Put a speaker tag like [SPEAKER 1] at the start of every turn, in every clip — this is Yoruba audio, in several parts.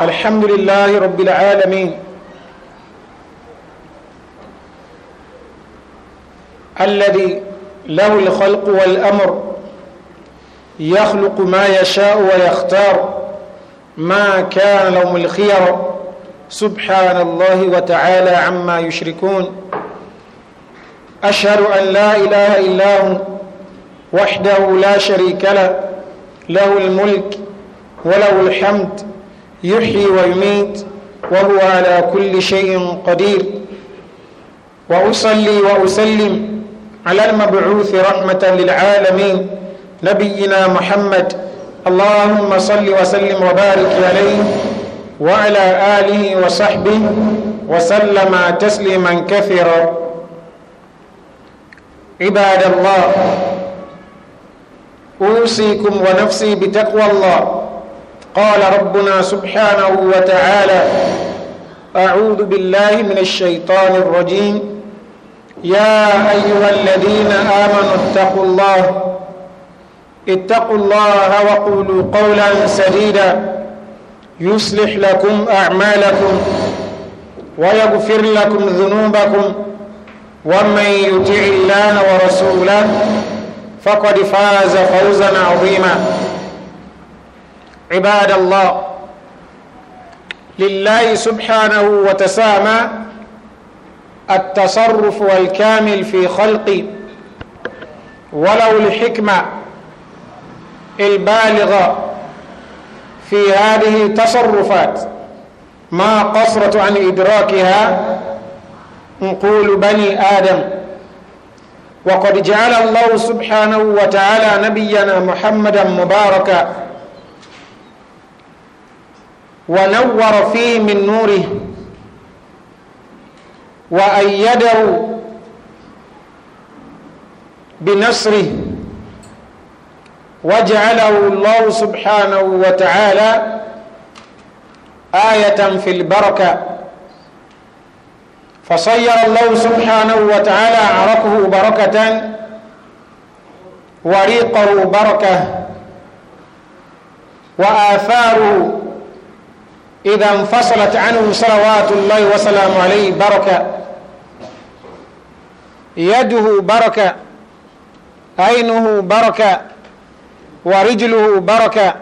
[SPEAKER 1] الحمد لله رب العالمين الذي له الخلق والأمر يخلق ما يشاء ويختار ما كان لهم الخير سبحان الله وتعالى عما يشركون أشهد أن لا إله إلا هو وحده لا شريك له له الملك وله الحمد يحيي ويميت وهو على كل شيء قدير وأصلي وأسلم على المبعوث رحمة للعالمين نبينا محمد اللهم صل وسلم وبارك عليه وعلى آله وصحبه وسلم تسليما كثيرا عباد الله أوصيكم ونفسي بتقوى الله قال ربنا سبحانه وتعالى أعوذ بالله من الشيطان الرجيم يا أيها الذين آمنوا اتقوا الله اتقوا الله وقولوا قولا سديدا يصلح لكم أعمالكم ويغفر لكم ذنوبكم ومن يطع الله ورسوله فقد فاز فوزا عظيما عباد الله لله سبحانه وتسامى التصرف والكامل في خلقه ولو الحكمة البالغة في هذه التصرفات ما قصرت عن إدراكها نقول بني آدم وقد جعل الله سبحانه وتعالى نبينا محمدا مباركا ونور فيه من نوره وأيده بنصره وجعله الله سبحانه وتعالى آية في البركة فصير الله سبحانه وتعالى عرقه بركة وريقه بركة وآثاره إذا انفصلت عنه صلوات الله وسلام عليه بركة يده بركة عينه بركة ورجله بركة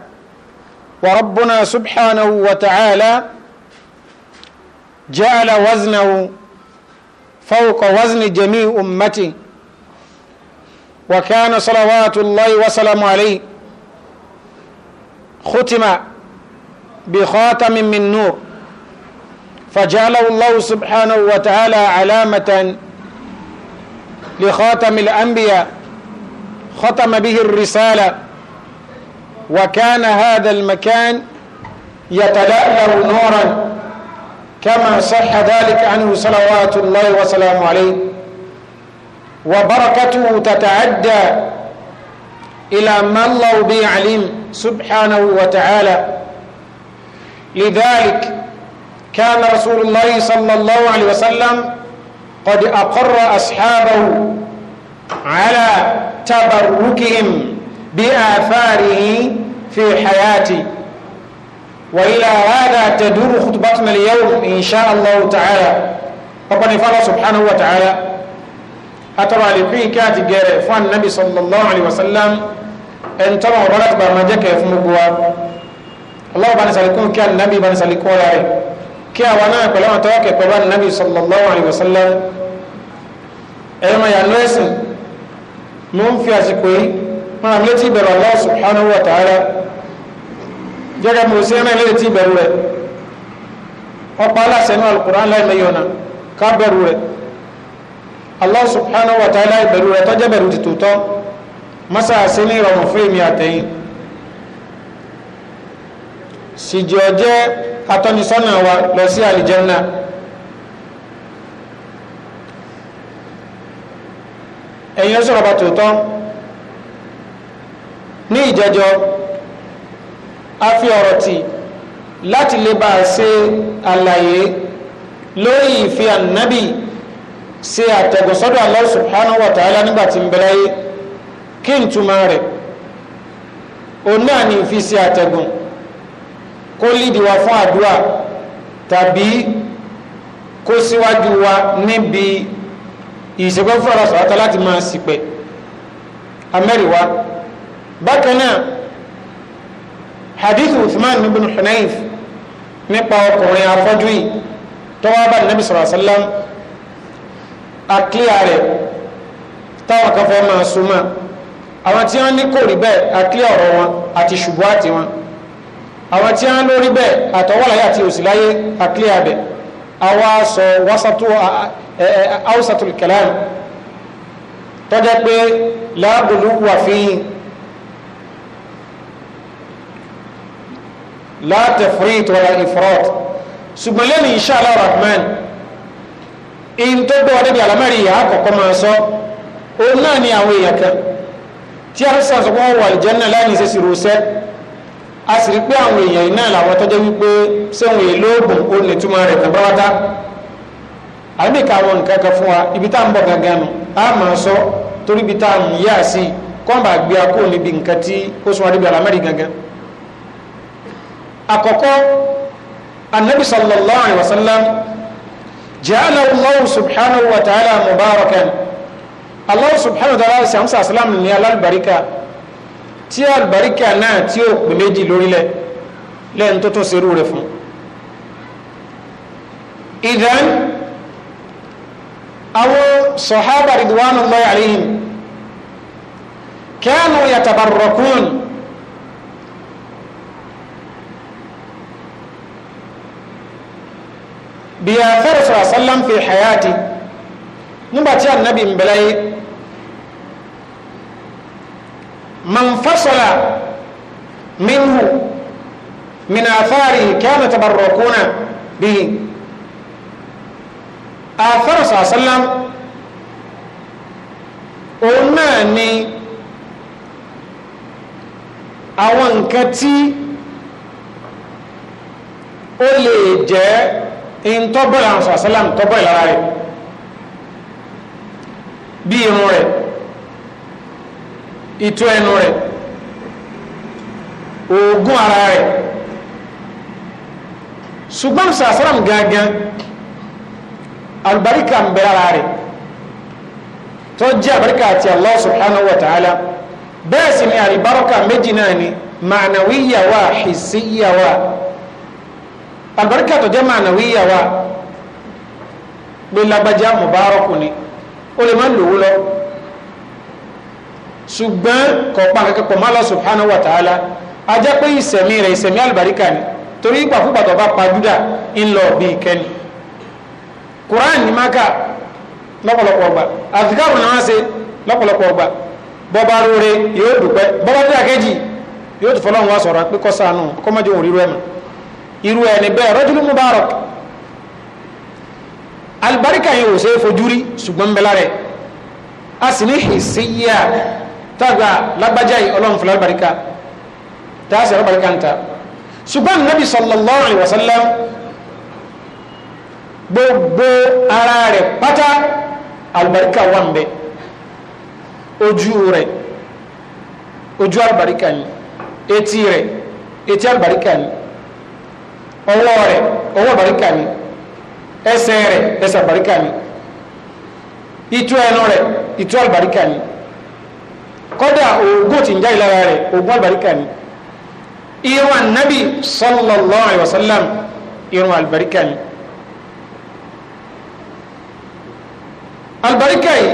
[SPEAKER 1] وربنا سبحانه وتعالى جعل وزنه فوق وزن جميع أمته وكان صلوات الله وسلام عليه ختم بخاتم من نور فجعله الله سبحانه وتعالى علامة لخاتم الأنبياء ختم به الرسالة وكان هذا المكان يتلألأ نورا
[SPEAKER 2] كما صح ذلك عنه صلوات الله وسلامه عليه
[SPEAKER 1] وبركته تتعدى إلى ما الله به عليم سبحانه وتعالى لذلك كان رسول الله صلى الله عليه وسلم قد أقر أصحابه على تبركهم بآثاره في حياته وإلى هذا تدور خطبتنا اليوم إن شاء الله تعالى ربنا فعل سبحانه وتعالى أترى لقي كاتي فان النبي صلى الله عليه وسلم أن ترى غلط برمجك يفمقوا Allah bá ní sàlékún kí ànábì bá ní sàlékún ọ̀rọ̀ rẹ̀ kí àwa náà pẹ̀lú àwọn tọ́wọ́ kẹ̀kọ́ bá ànábì sallallahu alaihi wasallam ẹ̀rọ máa yà lọ́ẹ̀sìn mo ń fi àsìkò yìí máa mi létí ìbẹ̀rù Allah subhanahu wa ta'ala jẹ́gẹ́ mo sí ẹ̀rọ létí ìbẹ̀rù rẹ̀ ọ̀pá aláṣẹ inú al-Qur'an láìmẹ́yọ̀nà ká bẹ̀rù rẹ̀ Allah subhanahu wa ta'ala ìbẹ̀rù rẹ̀ tọ́jẹ́ bẹ̀rù ti tòótọ́ ní ìrọ̀rùn fún èmi àtẹ̀yìn sìjọ jẹ́ atọ́nisọ́nà wa lọ sí àlìjẹ́nà ẹ̀yin sọ̀rọ̀ bá tòótọ́ ní ìjẹjọ́ a fi ọ̀rọ̀ tì láti lè bá a ṣe àlàyé lórí ìfẹ́ ànábì ṣe àtẹ̀gùnsọ́dọ̀ Allah subhanahu wa ta'ala nígbàtí ń bẹ̀rẹ̀ yé kí n túmọ̀ rẹ̀ òun náà ní ìfi ṣe àtẹ̀gùn kó lídìí wa fún àdúrà tàbí kó síwájú wa níbi ìṣẹ́gbẹ́ fún ọ̀rọ̀ sọ̀rọ̀ta láti máa ṣìpẹ̀ amẹ́rìwá bákan náà hadith Uthman ibn Hunayf nípa ọkùnrin afọ́jú yìí tọ́wọ́ bá nàbí sọ̀rọ̀ sálám àkíyà rẹ̀ táwọn kan fẹ́ máa súnmọ́ àwọn tí wọ́n ní kò rí bẹ́ẹ̀ àkíyà ọ̀rọ̀ wọn àti ṣùgbọ́n àti wọn àwọn tí wọ́n lórí bẹ́ẹ̀ àtọwọ́láyé àti òsìláyé àkílẹ̀ abẹ àwa sọ wasatu ausatul kalam tọ́jẹ́ pé láàbùlù wà fíhìn látẹ̀fúrít wala ifrat ṣùgbọ́n lẹ́nu insha Allah rahman in tó gbọ́ débi alamẹ́rì ìyá àkọ́kọ́ máa sọ òun náà ni àwọn èèyàn kan tí a sọ pé wọ́n wà aljanna láì ní sẹ́sì rúṣẹ́ a sì rí pé àwọn èèyàn iná làwọn tọ́jọ́ wípé sẹ́wọ̀n èlò oògùn ó lè túmọ̀ rẹ̀ tán báwátá àbíkà àwọn nǹkan kan fún wa ibi tá à ń bọ̀ gangan nù á máa sọ torí ibi tá à ń yá sí i kọ́ńbà gbé akó níbi nǹkan tí ó sún adébí alámẹ́rì gangan àkọ́kọ́ anabi sallallahu alayhi wa sallam ja'ala allahu subhanahu wa ta'ala mubarakan allahu subhanahu wa ta'ala sàmúsà sàlámù ní alálùbáríkà tí àlùbáríkà náà tí ó pè méjì lórílẹ̀ lẹ́yìn tó tún serú rẹ̀ fún ìdán àwọn sọ̀hábà ridwanullahi alayhim kanu yatabarrakun bí i àfẹ́rẹ̀ sọ̀rọ̀ sálám fi hayati nígbàtí annabi ń من فصل منه من آثاره كانوا يتبركون به آثار صلى الله عليه وسلم òun náà ni àwọn nǹkan tí ó lè jẹ́ ìntọ́bọ̀lá àwọn sọ̀rọ̀sálàm tọ́bọ̀ ìlara rẹ̀ bí irun rẹ̀ ìtọ́ ẹnu rẹ̀ oògùn ara rẹ̀ ṣùgbọ́n sàásàràm gangan albarika ń bẹ̀rẹ̀ ara rẹ̀ tó jẹ́ albarika àti Allah subhanahu wa ta'ala bẹ́ẹ̀ sì ni àríbárọ́kà méjì náà ni ma'anawiya wa albarika tó jẹ́ ma'anawiya wa mubarak ni ó lè má lòwú lọ ṣùgbọ́n kọ̀ọ̀pá kankan pọ̀ mọ́ Allah subhanahu wa ta'ala a jẹ́ pé ìsẹ̀mí rẹ̀ ìsẹ̀mí àlùbáríkà ni torí ìpàkúpà tó bá pa júdà ńlọ bí ìkẹni Quran ní maka lọ́pọ̀lọpọ̀ ọgbà àfikàrù náà wá ṣe lọ́pọ̀lọpọ̀ ọgbà bọ́bá rúre yóò dùpẹ́ bọ́bá bí àkejì yóò tún fọlọ́run wá sọ̀rọ̀ pé kọ́sánù kọ́mọ́jọ́ òun rírú ẹ̀ tàgbà lágbájá yìí ọlọ́run fúnlá barika tààsì àbáríkà ń ta ṣùgbọ́n nàbì sallallahu alaihi wasallam gbogbo ara rẹ̀ pátá albarika wà ń bẹ ojú rẹ̀ ojú albarika ni etí rẹ̀ etí albarika ni ọwọ́ rẹ̀ ọwọ́ albarika ni ẹsẹ̀ rẹ̀ ẹsẹ̀ albarika ni ìtú ẹnu rẹ̀ ìtú albarika ni kọ́dà oògùn tí ń jáde lára rẹ̀ oògùn àlùbáríkà ni irun ànábì sallallahu alaihi wasallam irun àlùbáríkà ni àlùbáríkà yìí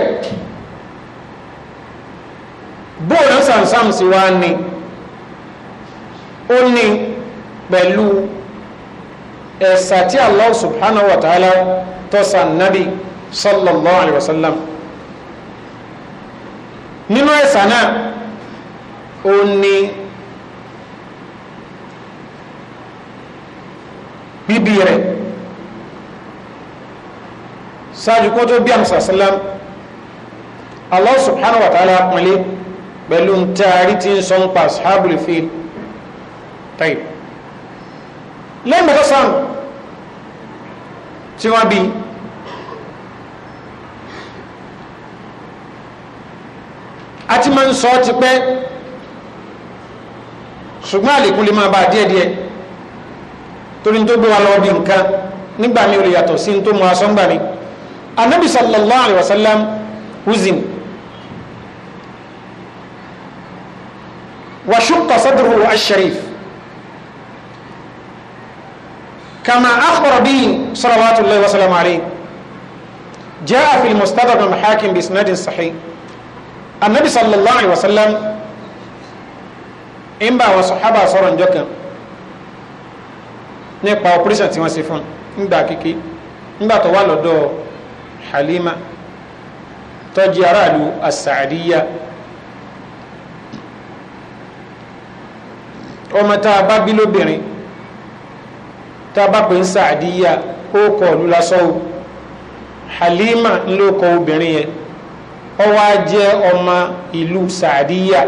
[SPEAKER 1] bóòlù sàmsàm sí wa ni ó ní pẹ̀lú ẹ̀sà tí Allah subhanahu wa ta'ala tọ́sà nábì sallallahu alaihi wasallam nínú ẹ̀sà náà ó ní bíbí rẹ̀ sáájú kó tó bí àmsà sálám Allah subhanahu wa ta'ala pọ̀nlé pẹ̀lú taari tí ń sọ ń pa ashabul fil taib lẹ́yìn tí wọ́n bíi a ti máa ń sọ ti pẹ́ ṣùgbọ́n àlékún lè máa bá díẹ̀díẹ̀ torí tó gbé wa lọ bí nǹkan nígbà mi ò lè yàtọ̀ sí tó mọ asọ́ ńgbà mi anabi sallallahu alayhi wa sallam uzim wa shukka sadruhu asharif كما أخبر به صلوات الله وسلامه عليه جاء في المستدرك الحاكم بإسناد صحيح annabi sallallahu alayhi wasallam sallam ń bá àwọn sọ̀hábà sọ̀rọ̀ kan nípa operation tí wọn ṣe fún ńgbà kíkí ńgbà tó wà lọ́dọ̀ Halima tó jẹ́ aráàlú asàdíyà ọmọ tá a bá bí lóbìnrin tá a bá pè ń sàdíyà ó kọ̀ ọ̀lú lásán o Halima ló kọ obìnrin yẹn ó wá jẹ́ ọmọ ìlú sàdíyà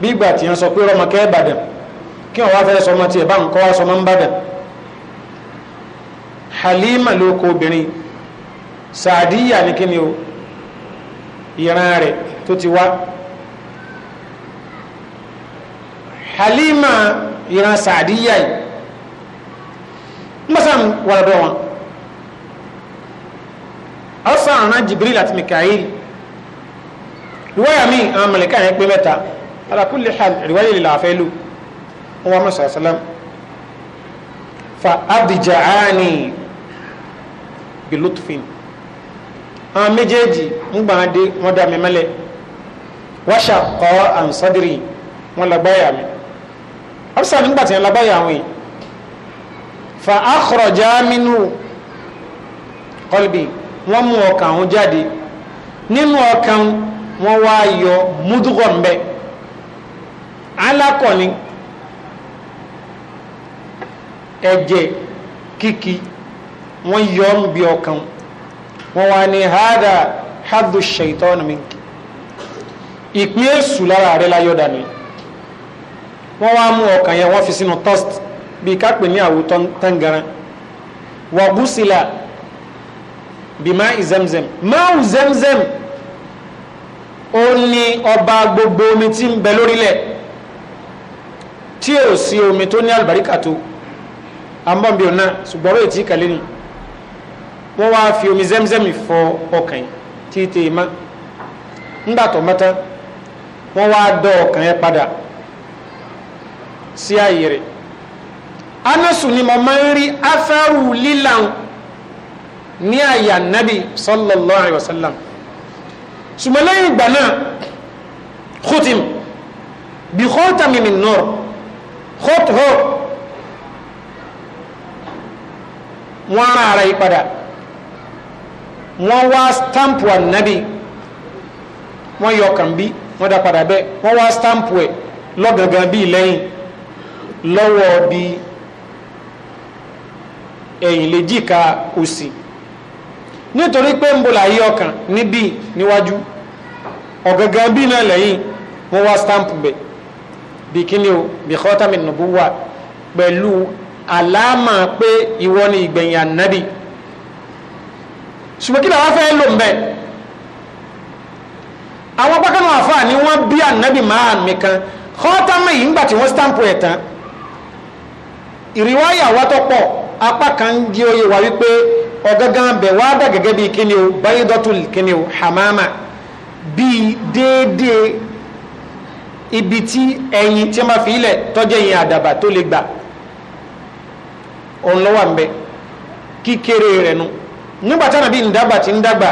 [SPEAKER 1] bí ìgbà tí wọ́n sọ pé rọmọkẹ́ ìbàdàn kí wọ́n wá fẹ́ sọmọ tiẹ̀ bá ń kọ́ wá sọmọ ń bàdàn halima ló kọ obìnrin sàdíyà ní kíni o ìran rẹ̀ tó ti wá halima ìran sàdíyà yìí mbasa wàlọ́dọ̀ wọn ọ̀sán àná jibril àti mikael riwaya mi àwọn mẹlẹka yẹn pé mẹ́ta ala kulli hal riwaya lè làáfẹ́ lù wọn mọ̀ sàlám fa abdijaani bilutfin àwọn méjèèjì ń gbà á dé wọn dá mi mẹ́lẹ̀ wáṣà kọ́ àǹsọ́dìrì wọn lágbáyà mi ọ̀sán nígbà tí wọn lágbáyà àwọn yìí fa akhraja minhu qalbi wọn mú ọkàn jáde nínú ọkàn àwọn wọ́n wá yọ múdúgọ̀ ń bẹ́ alákọ̀ ni ẹ̀jẹ̀ kíkí wọ́n yọ ń bí ọkàn wọ́n wá ní hádà hádù ṣèitọ́ ọ̀nà mi ìpín èsù lára rẹ̀ láyọ̀ dànù wọ́n wá mú ọkàn yẹn wọ́n fi sínú toast bíi kápẹ́ ní àwùtọ́ tangaran wọ́n gúsìlà bímá ìzẹ́mzẹ́m máa ń zẹ́mzẹ́m. ó ní ọba gbogbo omi tí ń bẹ lórílẹ̀ tí ò sí omi tó ní àlùbáríkà tó àmbọ̀nbí ọ̀nà ṣùgbọ́n èyí tí kàlẹ́ ni wọ́n wá fi omi zẹ́mzẹ́m fọ ọkàn tí ì má ńgbà tó wọ́n wá dọ́ ọkàn yẹn padà sí ààyè rẹ̀ ni mo máa ń rí afẹ́rù lílàn Nabi sallallahu alayhi ṣùgbọ́n lẹ́yìn ìgbà náà khutim bí khotami min nur khotho wọ́n ara ara yí padà wọ́n wá stampu annabi wọ́n yọ kàn bí wọ́n dá padà bẹ́ẹ̀ wọ́n wá stampu ẹ̀ lọ́gangan bíi lẹ́yìn lọ́wọ́ bíi ẹ̀yìn lè jìka òsì nítorí pé ń bò láyé ọkàn níbí níwájú ọ̀gangan bí náà lẹ́yìn wọ́n wá stampu bẹ̀ bí ni o bí kọ́tàmì nùbúwà pẹ̀lú àlámà pé ìwọ ni ìgbẹ̀yìn ànábì ṣùgbọ́n kí làwọn fẹ́ lò ń bẹ̀ àwọn pákánù àfà ni wọ́n bí ànábì máa mi kan kọ́tàmì yìí ńgbà tí wọ́n stampu ẹ̀ tán ìrìwáyà wá tọ́pọ̀ apá kan gé oyè wa wípé ọ̀gángan bẹ̀ wá dà gẹ́gẹ́ bí kíni o bayidọ́tul kíni o hamama bíi déédéé ibi tí ẹyin tí ma fi ilẹ̀ tọ́jú ẹyin àdàbà tó lè gbà òun lọ́wọ́ àmbẹ́ kíkéré rẹ̀ nu nígbà tí ànàbí ńdàgbà ti bi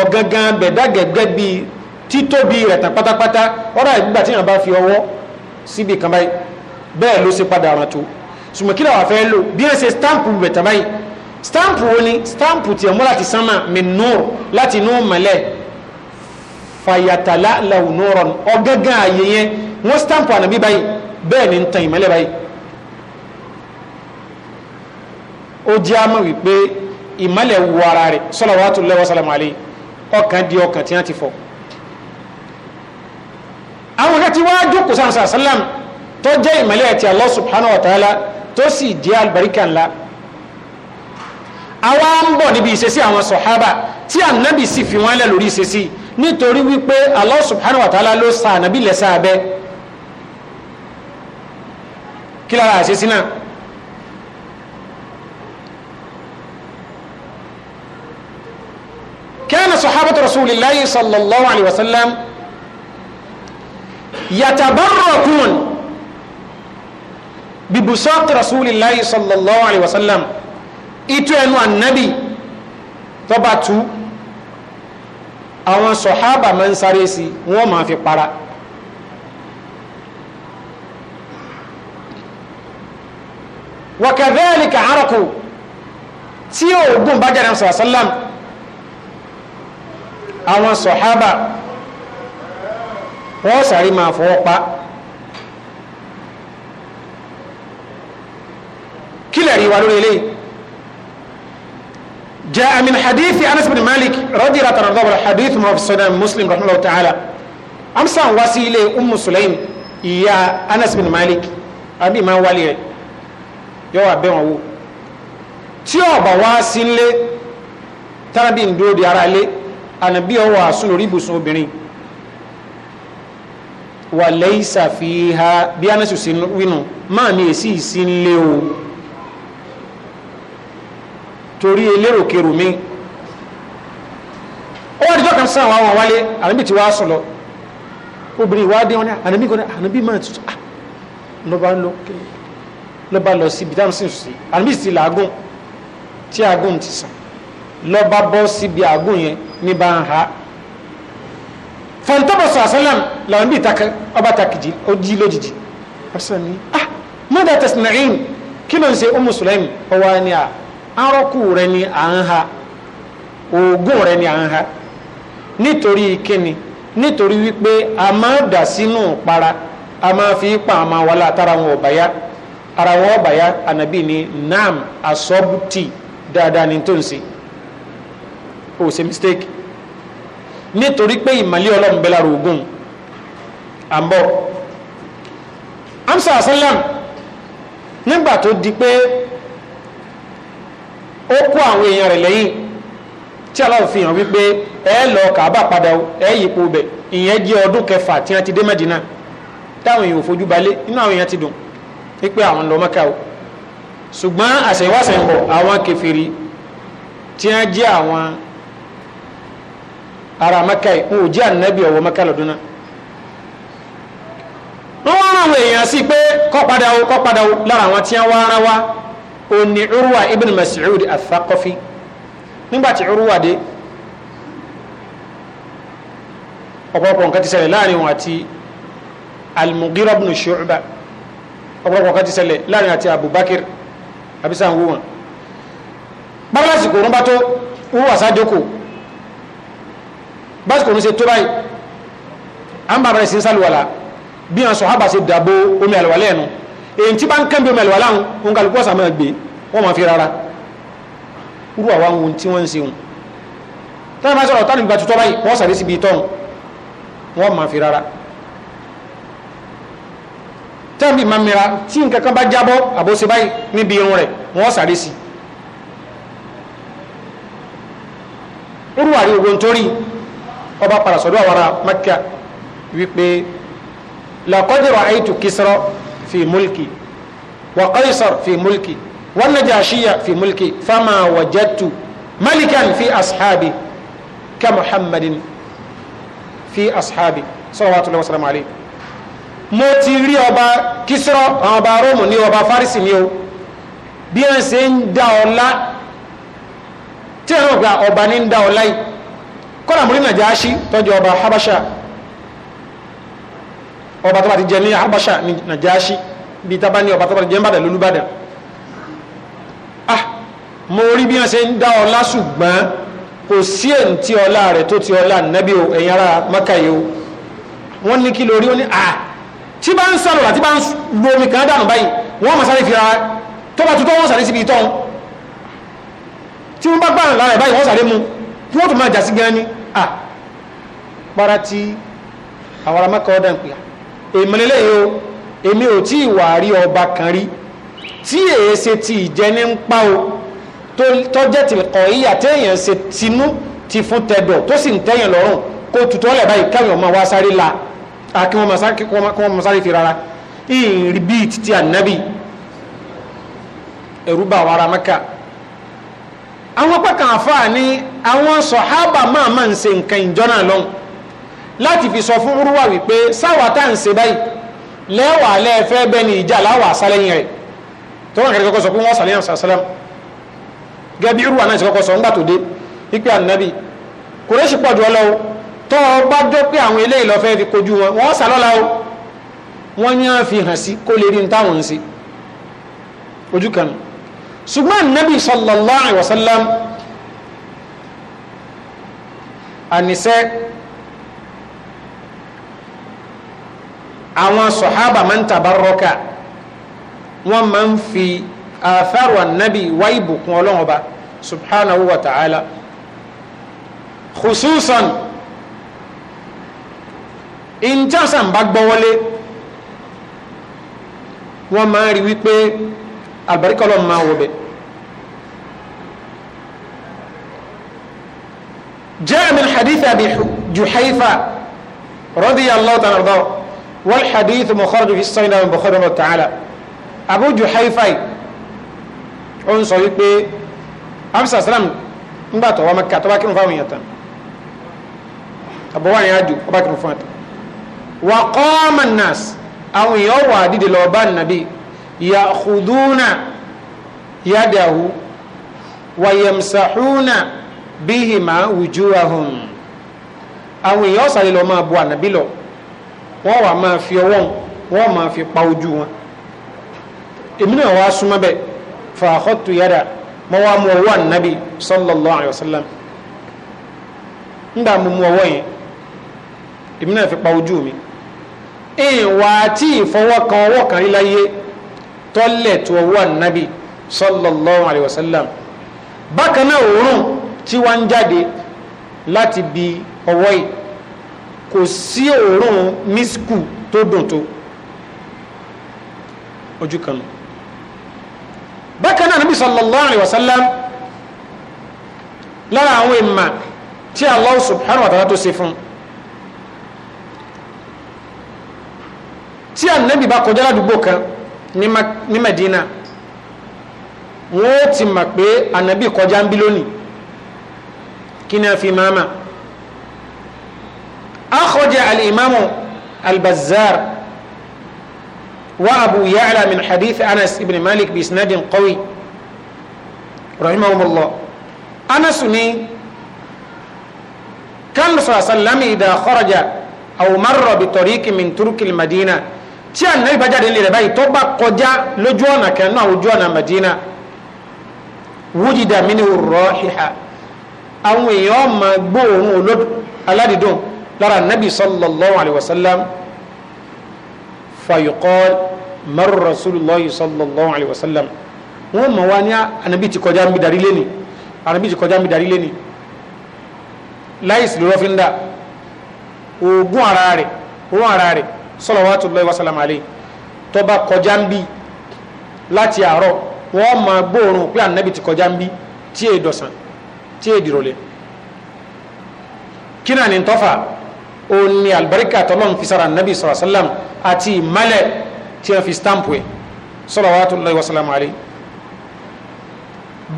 [SPEAKER 1] ọ̀gángan bẹ̀ dà gẹ́gẹ́ bíi títóbi rẹ̀ tán pátápátá ọ̀rọ̀ ìgbà tí yàn bá fi ọwọ́ síbi kan báyìí bẹ́ẹ̀ ló ṣe padà rántó sùmọ́kí làwọn afẹ́ lò bí ẹ ṣe stamp bẹ̀ stamp wo ni stamp tí ẹ mú láti sánmà min nur láti inú mẹlẹ fàyàtàlá làwù nuran ọgángan àyè yẹn wọn stamp ànàbí báyìí bẹ́ẹ̀ ni ń tan ìmọ́lẹ̀ báyìí ó jẹ́ àmọ́ wípé ìmọ́lẹ̀ wọ ara rẹ̀ salawatullahi wa salamu alayhi ọkàn di ọkàn tí wọ́n ti fọ́ àwọn akẹ́ tí wọ́n á jókòó sáà sàlám tó jẹ́ ìmọ́lẹ̀ ti Allah subhanahu wa ta'ala tó sì jẹ́ àlùbáríkà ńlá àwa ń bọ̀ níbi ìṣesí àwọn sọ̀hábà tí ànábì sì fi wọ́n lẹ̀ lórí ìṣesí nítorí wípé Allah subhanahu wa ta'ala ló sa ànábì lẹ́sẹ̀ abẹ́ kí lára àṣesí náà كان صحابة رسول الله صلى الله عليه وسلم يتبركون ببساط رسول الله صلى الله عليه وسلم ìtú ẹnu ànábì tọ́ba tú àwọn sọ̀hábà máa ń sáré sí wọ́n máa fi para wàkàbẹ́ẹ̀lì kàárọ̀kù tí oògùn bá jẹ́ nàìjíríà sàlám àwọn sọ̀hábà wọ́n sáré máa fọwọ́ pa kílẹ̀ rí wa lórí eléyìí جاء من حديث أنس بن مالك رضي الله عنه الحديث مفسدا مسلم رحمه الله تعالى أمسى وسيلة أم سليم يا أنس بن مالك أبي ما ولي يو أبي وو tí ọba wá sí nlé tábí ń dúró di ara lé ànàbí ọwọ́ àsún lórí ibùsùn obìnrin wà lẹ́yìn sàfihàn bí anásùsí wínú máa mi èsì ìsí nlé o torí eléròkèrò mi ó wá díjọ́ kan sí àwọn àwọn wálé ànábì ti wá sùn lọ obìnrin ìwádìí wọn ní ànábì kan ànábì máa tuntun ah lọ́ba lọ lọ́ba lọ sí ibi táwọn sì ń sùn sí ànábì sì làágùn tí àágùn ti sàn lọ́ba bọ́ síbi àágùn yẹn ní bá ń ha fọ̀ntọ́bọ̀sọ̀ àṣálàm làwọn bí ìtaka ọba takìjì ó jí lójijì àṣálàm ní ah mọ́dà tẹ̀sán nàìjíríà kí ló ń ṣe ó mùsùlùmí ọwọ́ ni à arọ́kù rẹ ni à ń ha oògùn rẹ ni à ń ha nítorí kíni nítorí wípé a máa dà sínú para a máa fi pa àmà wàhálà àtàrà wọn ọ̀bàyá ara wọn ọ̀bàyá ànàbí ni nam asọ́bùtì dáadáa ni tó ń ṣe o ṣe mistake nítorí pé ìmàlẹ́ ọlọ́run bẹ́ẹ̀ lára oògùn àbọ̀ amsa asalam nígbà tó di pé ó kó àwọn èèyàn rẹ̀ lẹ́yìn tí aláwọ̀ fi hàn wípé ẹ lọ kàábà padà ẹ yípo bẹ̀ ìyẹn jẹ ọdún kẹfà tí wọ́n ti dé Mẹ́dínà táwọn èèyàn ò fojú balẹ̀ inú àwọn èèyàn ti dùn wípé àwọn lọ Mẹ́kà o ṣùgbọ́n àṣẹwáṣẹ ń àwọn tí àwọn ara yìí wọn ò ànábì òní urwa ibn mas'ud athaqafi nígbàtí urwa dé ọ̀pọ̀lọpọ̀ nǹkan ti ṣẹlẹ̀ láàrin wọn àti al-mughira ibn shu'ba ọ̀pọ̀lọpọ̀ nǹkan ti ṣẹlẹ̀ láàrin àti abubakar abisanwo wọn báwọn lásìkò òun bá tó urwa sájókòó básìkò òun ṣe tó báyìí à ń bàbá rẹ̀ sí sálùwàlà bí wọn sọ hábà ṣe dàbò omi àlùwàlẹ́ ẹ̀nu èyí tí bá ń kẹ́m̀bẹ̀ mẹ́lẹ̀ wà láhùn òun kàlùkù ọ̀sà máa gbé wọ́n máa fi rárá rú àwọn ohun tí wọ́n ń ṣe wọn tẹ́lẹ̀ máa sọ̀rọ̀ tánìgbà tutọ́ báyìí wọ́n sàrí síbi tọ́hún wọ́n máa fi rárá tẹ́ẹ̀mì máa mìíra tí nǹkan kan bá jábọ́ àbóṣe báyìí níbi irun rẹ̀ wọ́n sàrí sí rúwàrí ogun torí ọba parasọ̀dọ̀ àwọn ará Mẹ́kà wípé làkọ́dẹ̀rọ̀ àìtù kìsọ́rọ̀ في ملكي وقيصر في ملكي والنجاشية في ملكي فما وجدت ملكا في أصحابي كمحمد في أصحابي صلوات الله وسلامه عليه mo ti rí ọba kísírọ àwọn ọba róòmù ní ọba fárísì ní o bí wọn ṣe ń da ọlá tí wọn gba ọba ní ń da ọlá yìí kọ́nà múrí nàjà ṣí tọ́jú ọba habasha ọba tó bá ti jẹ ní Habasha ní najasi bí tábà ní ọba tó bá ti jẹ ń bàdàn lólúbàdàn ah mo rí bí wọn ṣe ń dá ọlá ṣùgbọ́n kò sí èyí tí ọlá rẹ̀ tó ti ọlá nẹ́bí o ẹ̀yin ará Mẹ́kà yìí o wọ́n ní kí lórí ó ní à ah, tí bá ń sọ̀rọ̀ àti bá ń lo omi kan dànù báyìí wọ́n mọ̀ sáré fira tó bá tutọ́ wọ́n sáré síbi ìtọ́ tí wọ́n bá gbàràn lára ẹ̀ báyìí wọ́n sáré mu kí wọ́n tó máa jà sí gan ni à ah, para ti àwọn ará Mẹ́kà ọ̀dà ń pè á èmìlélẹ́ yìí o èmi ò tí ì rí ọba kan rí tí èé ṣe ti ìjẹni ń pa o tọ́jẹ́ ti kọ̀ ìyà téèyàn ṣe tinú ti fún tẹ̀dọ̀ tó sì ń tẹ́yàn lọ́rùn kó tutọ́ lẹ̀ báyìí káwọn ọmọ wa sáré la àkí wọn mọ sáré fi rárá ìrìn bíi títí ànábì ẹ̀rú bá wa ara mẹ́ka àwọn pẹ́kàn àfáà ní àwọn sọ̀hábà máa máa ń ṣe nǹkan ìjọ náà lọ́hùn láti fi sọ fún urúwà wípé sáwà tá à ń ṣe báyìí lẹ́wà lẹ́ẹ̀fẹ́ bẹ́ ni ìjà láwà sálẹ́yìn rẹ̀ tó wọ́n kẹ́kẹ́ kọ́ sọ fún wọ́n sàlẹ́yìn sàlẹ́m gẹ́bí urúwà náà ti kọ́kọ́ sọ ńgbà tó dé wípé ànábì kùrẹ́ṣì pọ̀ jù ọlọ́wọ́ tó o bá jọ pé àwọn eléyìí lọ fi kojú wọn wọ́n sà o wọ́n ní à fi hàn sí kó lè rí táwọn ń ṣe ojú kan ṣùgbọ́n ànábì sallallahu alaihi wasallam àníṣẹ́ àwọn sọ̀hábà máa ń tàbárọ́kà wọ́n máa ń fi àfẹ́rù ànábì wá ìbùkún ọlọ́run ọba subhanahu wa ta'ala khususan ìjọsàn bá gbọ́wọ́lé wọ́n máa rí wípé àlùbáríkà ọlọ́run máa wọ̀bẹ̀ جاء من حديث أبي جحيفة رضي الله تعالى عنه والحديث مخرج في الصين من بخير تعالى أبو جحيفة أن صحيح بي أمسى سلام نباتو ومكة تباكي مفاوية أبوان يعجو تباكي مفاوية وقام الناس أو يوى ديد لوبان النبي يأخذون يده ويمسحون بهما وجوههم أو يوصل لما أبوان النبي لو wọ́n wà máa fi ọwọ́ wọ́n máa fi pa ojú wọn èmi náà wá súnmọ́ bẹ́ẹ̀ fa akhadtu yada mọ́ wá mú ọwọ́ ànábì sallallahu alayhi wa sallam ńgbà mo mú ọwọ́ yẹn èmi náà fi pa ojú mi ìwà tí ìfọwọ́ kan ọwọ́ kan rí láyé tọ́lẹ̀ tó ọwọ́ ànábì sallallahu alayhi wa bákan náà òórùn tí wọ́n ń jáde láti bi ọwọ́ yìí kò sí òórùn mísíkù tó dùn tó ojú kan lọ bákan sallallahu alayhi wa sallam lára àwọn ìmà tí Allah subhanahu wa ta'ala tó ṣe fún tí ànábì bá kọjá ládùúgbò kan ní Medina wọ́n ti mọ̀ pé ànábì kọjá ń bí lónìí kí ni a fi máa máa أخرج الإمام البزار وأبو يعلى من حديث أنس بن مالك بإسناد قوي رحمهم الله أنس كان صلى الله عليه وسلم إذا خرج أو مر بطريق من ترك المدينة tí ànábì bá jáde nílẹ̀ báyìí tó bá kọjá lójú ọ̀nà kan náà ojú ọ̀nà Madina wújìdá mi ní òrò ìhà àwọn èèyàn máa gbọ́ òun olódò aládìdùn lára nabi sallallahu alayhi wa sallam fayuqal maru rasulullahi sallallahu alayhi wa sallam wọ́n mọ̀ wá ní anabi ah, ti kọjá ń bi darí lẹ́ni anabi ti kọjá ń bi darí lẹ́ni láìsí lọ́rọ́ fi ń dà oògùn ara rẹ̀ oògùn ara rẹ̀ salawatullahi wa sallam alayhi tó bá kọjá láti àárọ̀ wọ́n máa gbóòórùn pé anabi ti kọjá ń tí èè dọ̀sán tí èè dìrọ̀lẹ́ kí náà ní tọ́fà ó ní àlùbáríkà tọ́lọ́n fi sára nàbì sallallahu alaihi wasallam àti ìmálẹ̀ tí wọ́n fi stampu ẹ̀ salawatullahi wa salamu alayhi.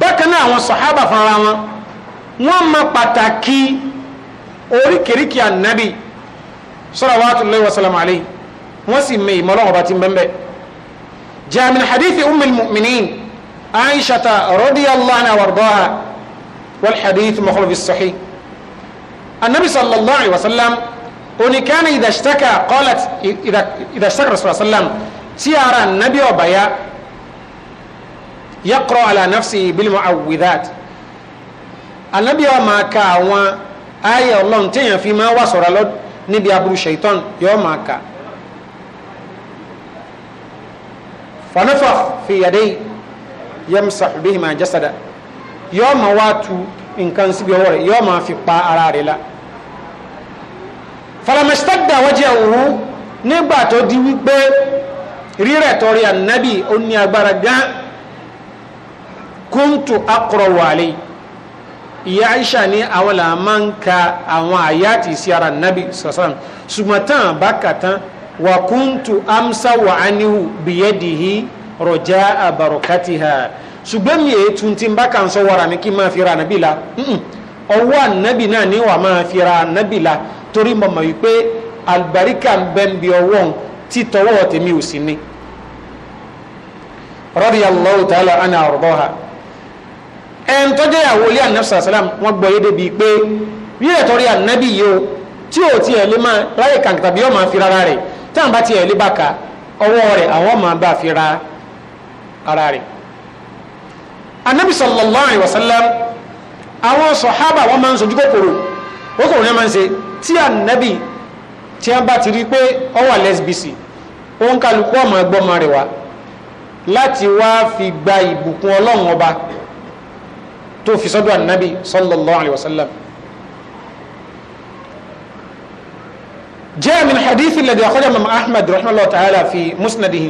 [SPEAKER 1] bákan náà àwọn sàhábà fara wọn wọ́n mọ pàtàkì oríkèríkè ànábì salawatullahi wa salamu alayhi wọ́n sì mẹ ìmọ̀lọ́wọ́ bá ti bẹ́ẹ̀ jaamin hadithi ummil mu'minin aishata radiyallahu anha wardaha wal hadith mọ̀kànlá fi sahih annabi sallallahu alaihi wasallam oni kana idashtaka qalat idashtaka rasulullah sallam tí ara nabi ọba ya yaqra ala nafsi bil mu'awwidat anabi ọma ka àwọn ayé ọlọ́run téèyàn fi máa wà sọ̀rọ̀ lọ níbi aburú shaitan yóò máa ka fanafa fi yadai yamsahu bihima jasada yóò máa wá tu nǹkan síbi ọwọ́ rẹ̀ yóò máa fi pa ara rẹ̀ la falamastagba wájẹ́ òhun nígbà tó di wípé rírẹ̀ tọrí ànábì ó ní agbára gán kúntù akọrọwà lè ìyá aisha ní àwọn làmá ń ka àwọn àyàtì sí ara ànábì sọ̀sán ṣùgbọ́n tán bákàtán wà kúntù amsa wà ánihu bìyẹ́dìhì rọ̀já àbàrọ̀kátìhà ṣùgbọ́n mi èé tuntun bákà sọ wàrà mi kí máa fi ra ànábì la ọwọ́ ànábì náà ní wà máa fi ra ànábì la torí mo mọ̀ wípé àlùbáríkà ń bẹ́ ń bi ọwọ́ tí tọwọ́ tèmi ò sí ni. radiyallahu ta'ala ana ardaha ẹn tọ́jú ìyàwó ilé ànábì sàlám wọ́n gbọ́ yé débi pé wíyẹ̀ tọ́rí ànábì yìí o tí ò tiẹ̀ lé máa láyé kàǹkà tàbí ọmọ àfi rárá rẹ̀ táwọn bá tiẹ̀ lé bàkà ọwọ́ rẹ̀ àwọn ọmọ bá fi ra rẹ̀. ànábì sallallahu alaihi wasallam àwọn sọ̀hábà wọ́n máa ń sojú kòkòrò kòkòrò ní ma ń ṣe tí a nẹ́bì tí a bá ti rí pé ọ wà lẹ́sbìsì ó ń kálukú ọmọ ẹgbọ́mọ rẹ̀ wá láti wá fi gba ìbùkún ọlọ́run ọba tó fi sọ́dọ̀ ànábì sallallahu alayhi wa sallam جاء من حديث الذي أخرجه الإمام أحمد رحمه الله تعالى في مسنده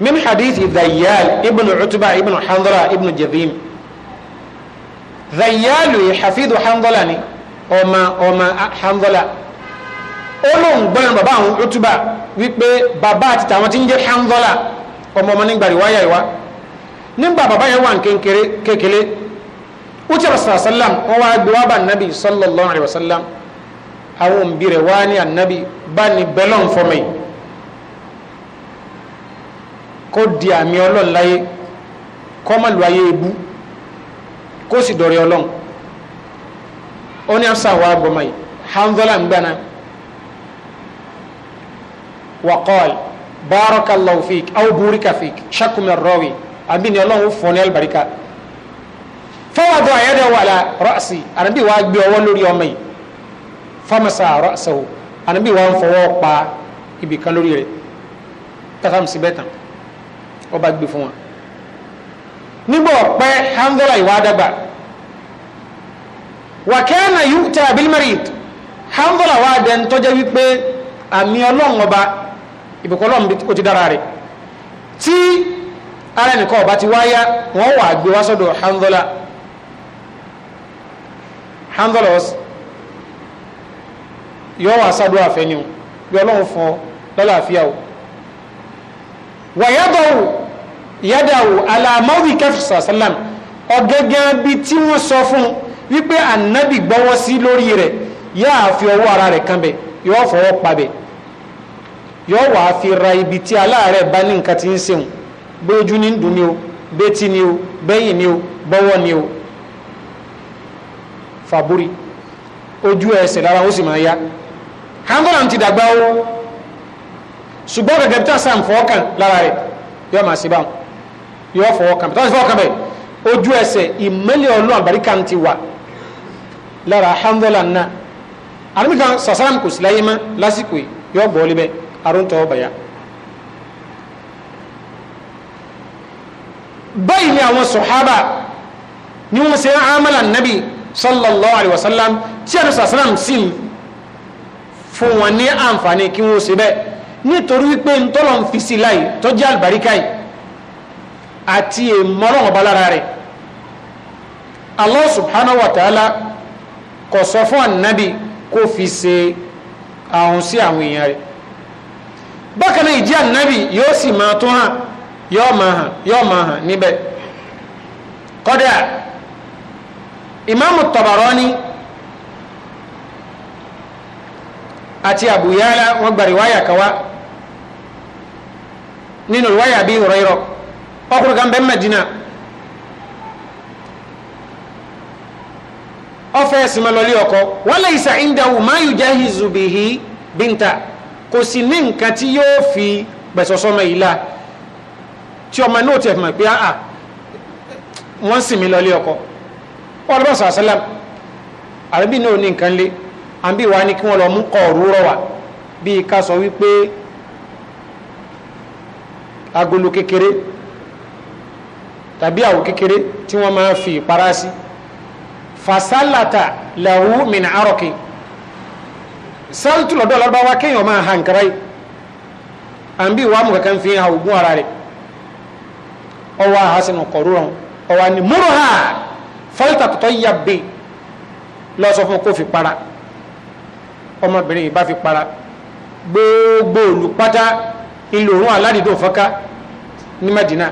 [SPEAKER 1] من حديث ذيال ابن عتبة ابن حنظرة ابن جذيم Dhayyalu hafidu Hanzala ni ọmọ ọmọ Hanzala olóńgbọ́n bàbá àwọn òtúbà wípé bàbá àti tàwọn tí ń jẹ́ Hanzala ọmọ ọmọ nígbà ríwáyà ìwá nígbà bàbá yẹn wà kékeré Utira sallam wọ́n wá gbé wá bá nàbì sallallahu alaihi wasallam àwọn òǹbí rẹ̀ wá ní ànábì bá ní bẹ́lọ̀n fọmọ yìí kó di àmì ọlọ́ọ̀láyé kọ́mọ̀lú ayé ebú kó sì dọ̀rẹ́ ọlọ́run ó ní afsa wa gbọmọ yìí hanzola ń gbana waqal barakallahu fik aw burika fik shakumar rawi àbí ni ọlọ́run fún ní albarika fọwọ́dọ̀ àyẹ́dẹ̀ wà lá rọ́ọ̀sì ànábì wa gbé ọwọ́ lórí ọmọ yìí fọmọsà rọ́ọ̀sì o ànábì wa ń fọwọ́ pa ibìkan lórí rẹ̀ tàfàmùsì bẹ́ẹ̀ ọba gbé fún wọn nígbà ọ̀pẹ́ hanzara ìwà àdàgbà wàkẹ́ẹ̀nà yìí tẹ abilmarit hanzara wà dẹn tó jẹ́ wípé àmì ọlọ́run ọba ìbùkún ọlọ́run bí kò ti dára rẹ̀ tí ara nìkan ọba ti wáyá wọ́n wà gbé wá sọ́dọ̀ hanzara hanzara yọ wà sádùn àfẹ́niw ọlọ́run fún ọ lọ́láàfíà o wàyàbọ̀ yadawo alamawi kẹfìsà sálàm ọ̀gẹ́gẹ́ bí tí wọ́n sọ fún wípé ànábì gbọ́wọ́ sí lórí rẹ̀ yáà fi ọwọ́ ara rẹ̀ kan bẹ̀ yóò fọwọ́ pa bẹ̀ yóò wà á fi ra ibi tí aláàárẹ̀ bá ní nǹkan ti ń sèwọ̀n bójú ní dùn ni o bẹ́tí ni o bẹ́yìn ni o bọ́wọ́ ni o fàbúrí ojú ẹsẹ̀ lára ó sì máa yá hangolam ti dàgbà o ṣùgbọ́n gẹ́gẹ́ bí tá a sàn fọ́ kàn lára rẹ̀ yóò máa ṣe báwọn yóò fọwọ́ kan tọ́sí fọwọ́ kan bẹ́ẹ̀ ojú ẹsẹ̀ ìmẹ́lẹ̀ ọlọ́ àbáríkà ti wà lára alhamdulillah náà àdúgbò sàsáràm kò sí láyé mọ́ lásìkò yóò bọ́ lébẹ́ àrùntọ́ ọbàyà. báyìí ni àwọn sọ̀hábà ni wọ́n ṣe ń amala nabi sallallahu alayhi wa sallam tí àdúgbò sàsáràm sì ń fún wọn ní àǹfààní kí wọ́n ṣe bẹ́ẹ̀ nítorí wípé ntọ́lọ̀ ń fi sí láì tọ́jú àlùbáríkà yìí àti èmọ́ràn ọba lára rẹ̀ Allah subhanahu wa ta'ala kò sọ fún ànábì kó fi ṣe àrùn sí àwọn èèyàn rẹ̀ bákan náà ìjẹ́ ànábì yóò sì máa tó hàn yóò máa hàn yóò máa hàn níbẹ̀ kọ́dà ìmáàmù Tabarani àti Abu Ya'la wọ́n gbà rìwáyà nínú rìwáyà Abi Hurairah ọkùnrin kan bẹ́ẹ̀ Madina ọfẹ́ ẹ̀sìn ọkọ wala isa indahu ma yujahizu bihi bínta kò sì ní nǹkan tí yóò fi pẹ̀sọ̀sọ́mọ yìí la tí ọmọ náà tẹ̀ mọ̀ pé a ah, ah, wọ́n sì mí ọkọ ọ̀rọ̀ bá sàásálà àrẹ́bí ní nǹkan lé àbí wa ni kí lọ mú sọ wípé agolo kékeré tàbí àwọ̀ kékeré tí wọ́n máa fi ìpara sí fasalata lahu min arọ́kì sáàtù lọ́dọ̀ lọ́dọ̀wá kéèyàn máa ha nkàrá yìí à ń bí ìwà mú kankan fi hàn ogún ara rẹ̀ ọwọ́ àhásìnà kọ̀rọ̀ ọwọ́ ni múrò ha fọ́lítà tó yà bè lọ́sọ fún kó fi para ọmọbìnrin yìí bá fi para gbogbo olùpátá ìlòrún aládìdò fọ́ká ní Madina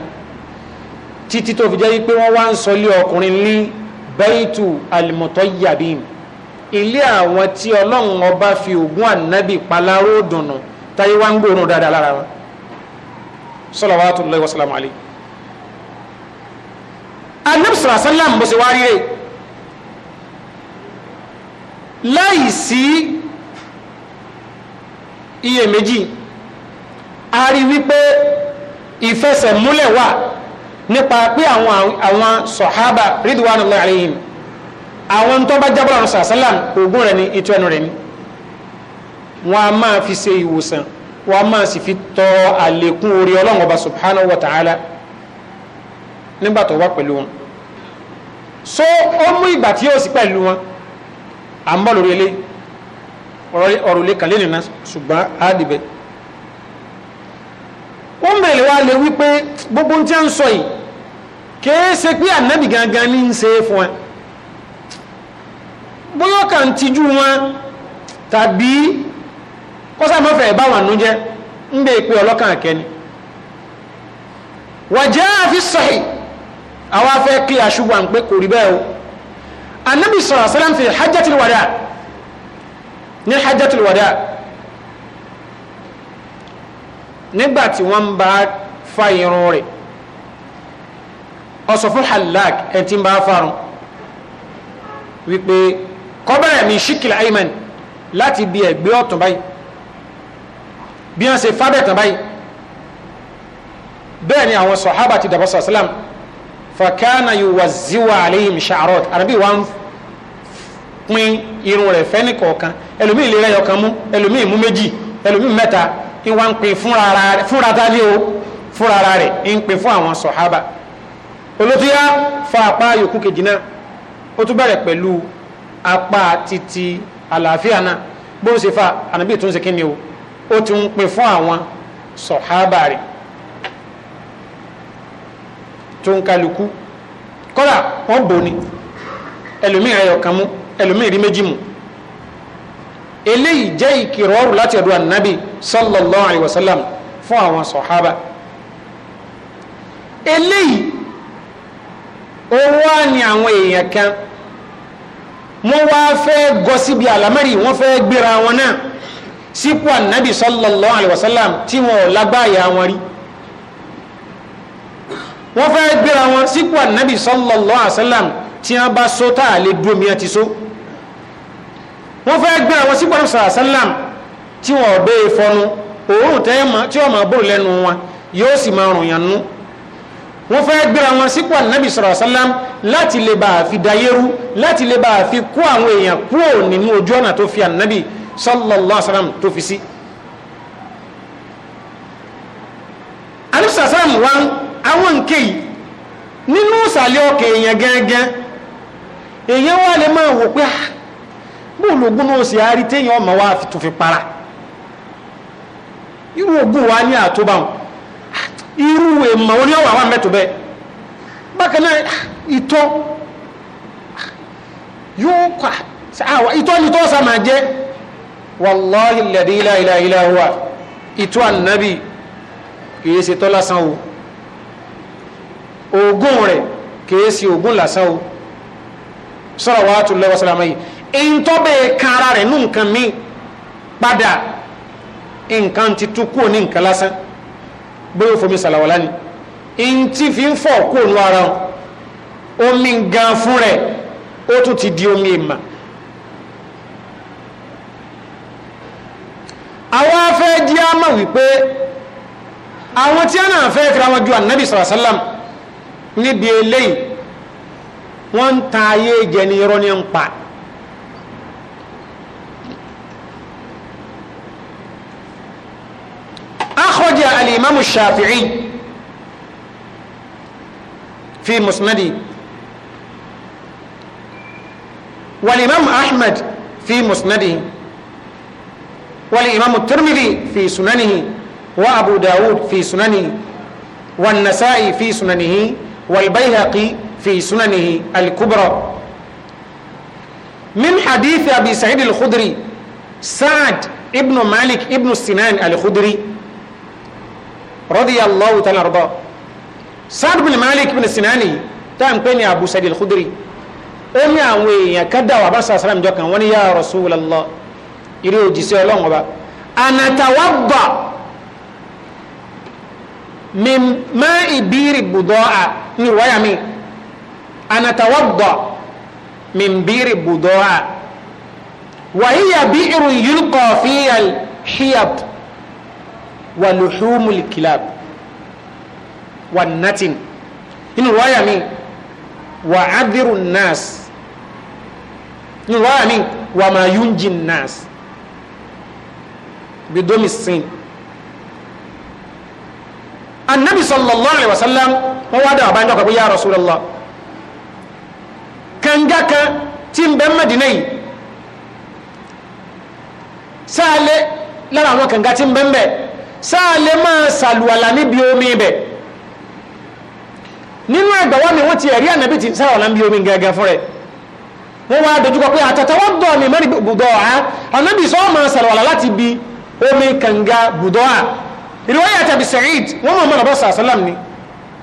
[SPEAKER 1] títí tó fi jẹ́ wípé wọ́n wá ń sọ ilé ọkùnrin ní bẹ́ẹ̀tù al-mutayyibin ilé àwọn tí ọlọ́run ọba fi ògùn ànábì paláró dùnú táyé wá ń gbóòórùn dáadáa lára wọn salawatullahi wa salamu alayhi anabi sallallahu alaihi wasallam bó ṣe wá rírè láì sí iyèméjì a rí wípé ìfẹsẹ̀múlẹ̀ wà nípa pé àwọn àwọn sọ̀hábà ridwanullahi alayhim àwọn tó bá jábọ̀ àwọn sàṣálàm ogun rẹ̀ ní ètò ẹnu rẹ̀ ní wọ́n a máa fi ṣe ìwòsàn wọ́n a máa sì fi tọ́ àlékún orí ọlọ́run ọba subhanahu wa ta'ala nígbà tó wá pẹ̀lú wọn so ó mú ìgbà tí yóò sí pẹ̀lú wọn à ń bọ̀ lórí ilé ọ̀rọ̀ ilé kàlẹ́ nìyẹn ṣùgbọ́n á dìbẹ̀ ó mẹ́lẹ̀ wá lè wípé gbogbo tí a ń sọ yìí kìí ṣe pé ànábì gangan ní ń ṣe fún ẹ bóyọ́ kà ń tijú wọn tàbí kọ́sàmọ́fẹ́ ìbáwọn nú jẹ́ ń bè pé ọlọ́kàn àkẹni wàjẹ́ àfi sọ̀hì àwọn afẹ́ kí ń pé kò rí bẹ́ẹ̀ o ànábì sọ̀rọ̀ sẹ́lẹ̀m fi ní nígbà tí wọ́n ń bá fa irun rẹ̀ ọsọ fún halak ẹ ti ń bá farun wípé kọ́bẹ̀rẹ̀ mi ṣíkìlì ayman láti bí ẹ̀gbẹ́ ọ̀tún báyìí bí wọ́n ṣe fábẹ̀tàn báyìí bẹ́ẹ̀ ni àwọn sọ̀hábà ti dàbọ̀ sàlám fàkánà yíwa ziwa aléyìn ṣàrọ̀t àrẹ́bí wa ń irun rẹ̀ fẹ́ ní kọ̀ọ̀kan ẹlòmíì yọkan mú ẹlòmíì mú méjì ẹlòmíì mẹ́ta ìwà ń pè fúnra tálé o fúnra ara rẹ̀ ń pè fún àwọn sọ̀hábà olótóyá fa apá yòókù kejì náà ó tún bẹ̀rẹ̀ pẹ̀lú apá titi àlàáfíà náà bó ń ṣe fa ànábì tó ń ṣe kíni o ó ti ń pè fún àwọn sọ̀hábà rẹ̀ tó ń kálukú kọ́lá wọ́n bò ní ẹlòmíì rẹ̀ ọ̀kan rí méjì mú eléyìí jẹ́ ìkìrọ̀rù láti ọ̀dọ̀ ànábì sallallahu alayhi wa sallam fún àwọn sọ̀hábà eléyìí owó ni àwọn èèyàn kan wọ́n wá fẹ́ gọ síbi àlámẹ́rì wọ́n fẹ́ gbéra wọn náà sípò ànábì sallallahu alayhi wa sallam tí wọn ò lágbáyà wọn rí wọ́n fẹ́ gbéra wọn sípò ànábì sallallahu alayhi wa tí wọ́n bá sọ lè dúró mi àti sọ. So wọ́n fẹ́ gbé àwọn sípàdé sàásálàm tí wọ́n ọ̀bẹ ìfọnu òórùn tí wọ́n máa bò lẹ́nu wọn yóò sì máa rùn yàn nú wọ́n fẹ́ gbé àwọn sípàdé nàbì sàásálàm láti lè bá àfi dayérú láti lè bá àfi kó àwọn èèyàn kúrò nínú ojú ọ̀nà tó fi ànábì sallallahu alaihi wasallam tó fi sí. ànábì sàásálàm wá àwọn nkéyìí nínú ìsàlẹ̀ ọkẹ̀ èèyàn gángan èèyàn wá lè máa wò pé ah, bóòlù ogun náà sì á rí téèyàn ọmọ wa tó fi para irú ogun wa ní àtúbà wọn irú èèmọ̀ wọn ni ọwọ́ àwọn mẹ́tò bẹ́ẹ̀ bákan náà ìtọ́ yóò kà ìtọ́ ni tó sá máa jẹ́ wàláhì lẹ́dí ìlàìlàìlàwà ìtọ́ ànábì kìí ṣe tọ́ lásán o ògùn rẹ̀ kìí ṣe ògùn lásán o salawatullahi wa salamuhu èyí tó bẹ́ẹ̀ kan ara rẹ̀ nù nǹkan mi padà nǹkan ti tú kúrò ní nǹkan lásán bóyá òfomi sàlàwàlá ni èyí tí fi ń fọ̀ kúrò nù ara wọn omi gan fún rẹ̀ ó tún ti di omi ìmà. àwọn afẹ́ jí á mọ̀ wípé àwọn tí a náà fẹ́ fira wọn ju ànábì sọ̀rọ̀ sálàm níbi eléyìí wọ́n ń ta ayé jẹ irọ́ ní ń pa. أخرج الإمام الشافعي في مسنده والإمام أحمد في مسنده والإمام الترمذي في سننه وأبو داود في سننه والنسائي في سننه والبيهقي في سننه الكبرى من حديث أبي سعيد الخدري سعد ابن مالك ابن السنان الخدري radiyallahu ta'ala rọ́dọ̀ Sa'd bin Malik bin Sinani táà ń pè ní Abu Sa'id al-Khudri ó ní àwọn èèyàn kádà wà bá sàásàrà ìjọ kan wọ́n ní ya Rasulullah eré òjìṣẹ́ ọlọ́run ọba anatawadda min ma'i biri budaa ní ruwaya mi anatawadda min biri budaa wa hiya bi'run yulqa fiha al-hiyat wà lùhùmùl kìláàb wà nàtìn inú wáyà mi wà ádìrú nàás inú wáyà mi wà mà yúnjì nàás bidomi sin anabi sallallahu alaihi wasallam wọn wá dáwà bá ń jọ kàkó ya Rasulullah kànga kan tí ń bẹ Mẹ́dínà yìí sáálé lára àwọn kànga tí ń bẹ ń sáà lè máa sàlùwàlà níbi omi ibẹ̀ nínú ẹgbàwọ́ mi wọ́n ti ẹ̀rí ànábì ti sàlùwàlà níbi omi gẹ́gẹ́ fún rẹ̀ wọ́n wá dojúkọ pé àtàtàwọ́ dọ̀ mẹ́rin bùdọ̀ á ànábì sọ́ máa sàlùwàlà láti bi omi kànga bùdọ̀ á ìrìwáyà tàbí Sa'id wọ́n mọ̀ mọ́nà bọ́ sàṣálàm ni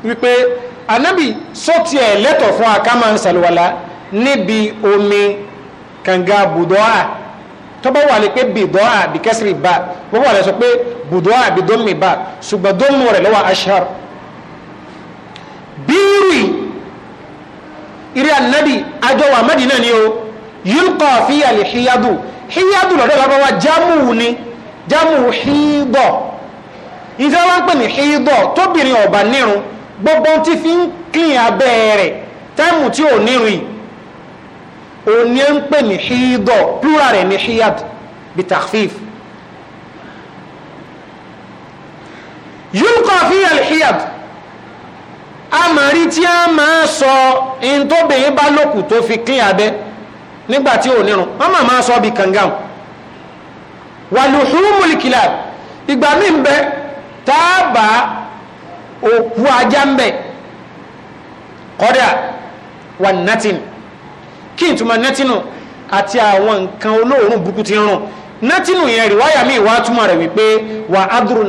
[SPEAKER 1] wípé ànábì sọ́ ti ẹ̀ lẹ́tọ̀ fún aká máa sàlùwàlà níbi omi kànga bùdọ̀ á tọ́bọ̀ wà lè bùdọ́ àbí dọ́mì bá ṣùgbọ́n dọ́mù rẹ̀ lọ́wọ́ ashar bírì irí annabi ajọ wà mẹ́dínà ni o yulqa fi àlè híyádù híyádù lọ́dọ̀ lábáwá jámù ni jámù hídọ̀ ìfẹ́ wá ń pè ní hídọ̀ tóbìnrin ọ̀bà nírun gbogbo tí fi ń kín abẹ́ rẹ̀ táìmù tí ò nírun yìí òní ń pè plural rẹ̀ ní híyádù bitakhfif maryam amari tí a máa sọ in tó bèyìn bá lòkù tó fi kín abẹ nígbà tí ò nírun wọn máa máa sọ bí kàngáhùn wà lùhùrùmùlì kìlà ìgbà mi ń bẹ tá a bá òkú ajá ń bẹ kọ́dà wà nátìn kí n túmọ̀ nátìnù àti àwọn nǹkan olóòórùn burúkú ti rùn nátìnù yẹn rí wáyà mi ìwà túmọ̀ rẹ̀ wípé wà á dúró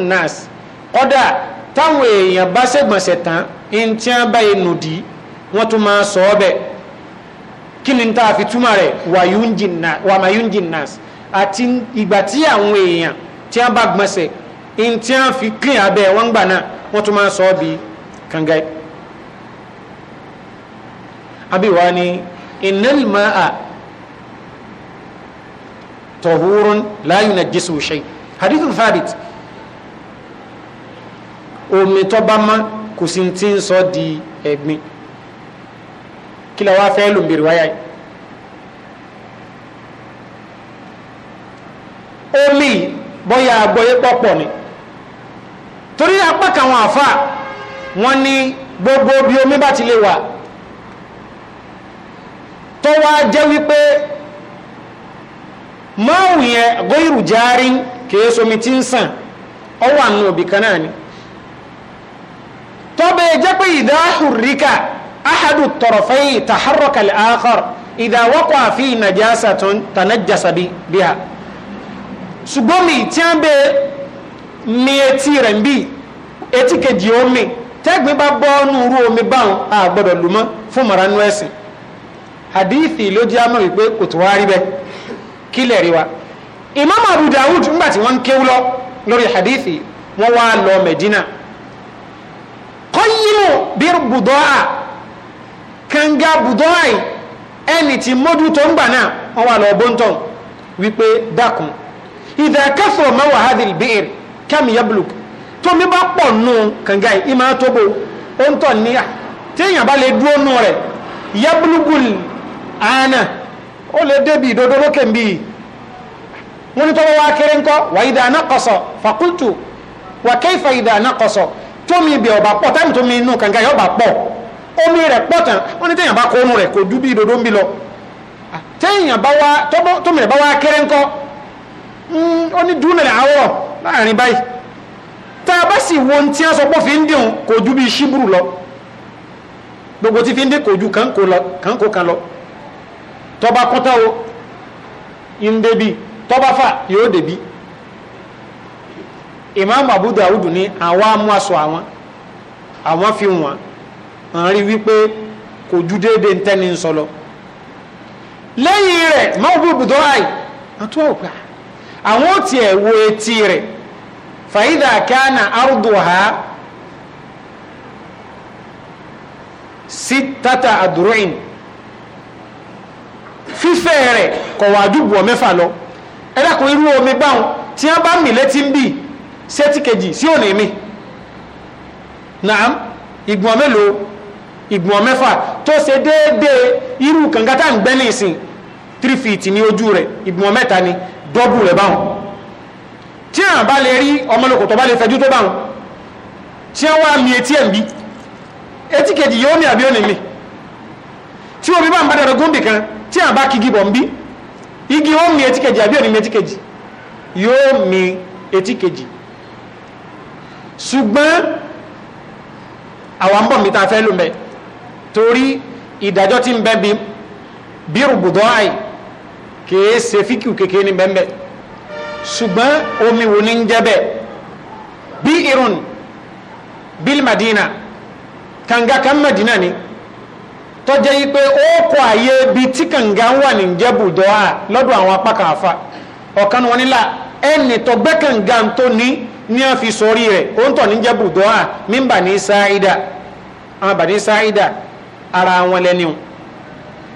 [SPEAKER 1] táwọn èèyàn bá ṣègbọ̀nsẹ̀ tán ní tí wọ́n bá yẹn nùdí wọ́n tún máa sọ ọ́ bẹ̀ kí ni tá a fi túmọ̀ rẹ̀ wà mayunjin nas àti ìgbà tí àwọn èèyàn tí wọ́n bá gbọ̀nsẹ̀ ní tí wọ́n fi clean abẹ́ wọ́n gbà náà wọ́n tún máa sọ ọ́ bí kàngáì. abiwa ni innal ma'a tahurun la yunajjisu shay hadithun thabit omi tó bá mọ́ kò sí ti ń sọ di ẹ̀gbin kí la wá fẹ́ lò ń bèrè wáyà yìí. omi bọ́yá agbọ́yé pọ̀pọ̀ ni torí apá kàwọn àfa wọn ní gbogbo bí omi bá ti lè wà tó wá jẹ́ wípé máwùn yẹn góyìrù járí kìí somi tí ń sàn ọwọ́ àánú òbí kan náà ni. tọ́bẹ̀ jẹ́ pé ìdá hurrika ahadu tọrọfẹ́yì taharraka al-akhar ìdá wọ́kọ̀ àfi nàjásà tó tanajjasa bí ha ṣùgbọ́n mi tí a ń bẹ mi etí rẹ̀ ń bí etí kejì omi tẹ́gbìn bá bọ́ ọ́nù rú omi báwọn a gbọ́dọ̀ lù mọ́ fún ẹ̀sìn hadithi ló jẹ́ àmọ́ wípé kò tó wá rí bẹ́ẹ̀ kí lè rí wa imam abu ńgbà tí wọ́n ń kéwú lọ lórí hadithi wọ́n wá lọ medina kọ́yìnmù bíi bùdọ́à kànga bùdọ́à ẹni tí mọ́dún tó ń gbà náà wọ́n wà lọ bóńtọ̀ wípé dákun ìdá kẹfọ̀ mẹ́wàá hadil bíir kẹ́mi yabluk tómi bá pọ̀ nù kànga yìí ìmọ̀ àtọ́bọ̀ ó ń tọ̀ níyà téèyàn bá lè dúró nù rẹ̀ yablugul ana ó lè débi ìdodo lókè ń bí i wọ́n ní tọ́wọ́ wá kéré ńkọ́ wà ìdá náà fàkúntù wà kẹ́fà ìdá náà tómi ibẹ̀ ọ̀bà pọ̀ táìmù tómi inú kànga yọ̀ ọ̀bà pọ̀ omi rẹ̀ pọ̀ tán wọ́n ní téèyàn bá kó oorun rẹ̀ kò ju bí ìdodo ń bí lọ ah, téèyàn bá wá tómi rẹ̀ bá wá kéré ńkọ́ hmm, ó ní dúnlẹ̀ àwọ̀ láàrin báyìí tá a bá sì wo ohun tí wọ́n fi ń dìhun kò ju bí ṣíbùrù lọ gbogbo tí fi ń dé kò ju kàńkò kan lọ tọ́ba kọ́tà o ń débi tọ́ba fà yóò débi imam abu dawud ni àwọn amú aṣọ àwọn àwọn fi wọn àwọn rí wípé kò ju déédéé ń tẹ́ni ń sọlọ lẹ́yìn rẹ̀ mọ́bù bùdó àì àtúwà òpá àwọn ò tiẹ̀ wo etí rẹ̀ fàyídà kánà arduha sittata àdúróìn fífẹ́ rẹ̀ kọ̀wà dùbọ̀ mẹ́fà lọ ẹ̀dàkùn irú omi báwọn tí wọ́n bá mì létí ń sétí kejì sí òní mi naam ìgbọ̀n mélòó ìgbọ̀n mẹ́fà tó ṣe déédéé irú kàngátà ń gbẹ́ ní ìsìn three feet ní ojú rẹ̀ ìgbọ̀n mẹ́ta ni dọ́bù rẹ̀ báwọn tí àwọn bá lè rí ọmọlòkòtò bá lè fẹjú tó báwọn tí wọ́n wá mi etí ẹ̀ ń bí etí kejì yóò ní àbí òní mi tí omi bá ń bá dẹ̀rẹ̀ gúnbì kan tí àwọn bá kigi bọ̀ ń bí igi ó mi etí kejì àbí òní mi etí kejì yóò mi etí kejì ṣùgbọ́n àwọn ń bọ̀ mi ta fẹ́ lò mẹ́ torí ìdájọ́ tí ń bẹ́ bí bí rògbòdọ́ àì kìí ṣe fíkìú kékeré ní bẹ́ẹ̀ ṣùgbọ́n omi wo ni ń jẹ́ bẹ́ẹ̀ bí irun bíl madina kànga kan madina ni tọ́jẹ́ yí pé ó kọ àyè bí tí kànga ń wà ní jẹ́bùdọ́ à lọ́dọ̀ àwọn apá kan àfa ọ̀kan wọn nílà ẹnì tọ́gbẹ́ kànga tó ní ní a fi sọrí rẹ̀ ó ń tọ̀ ní jẹ́ bùdọ́à mí bà ní sáídà àwọn bà ní sáídà ara wọn lẹ́ni o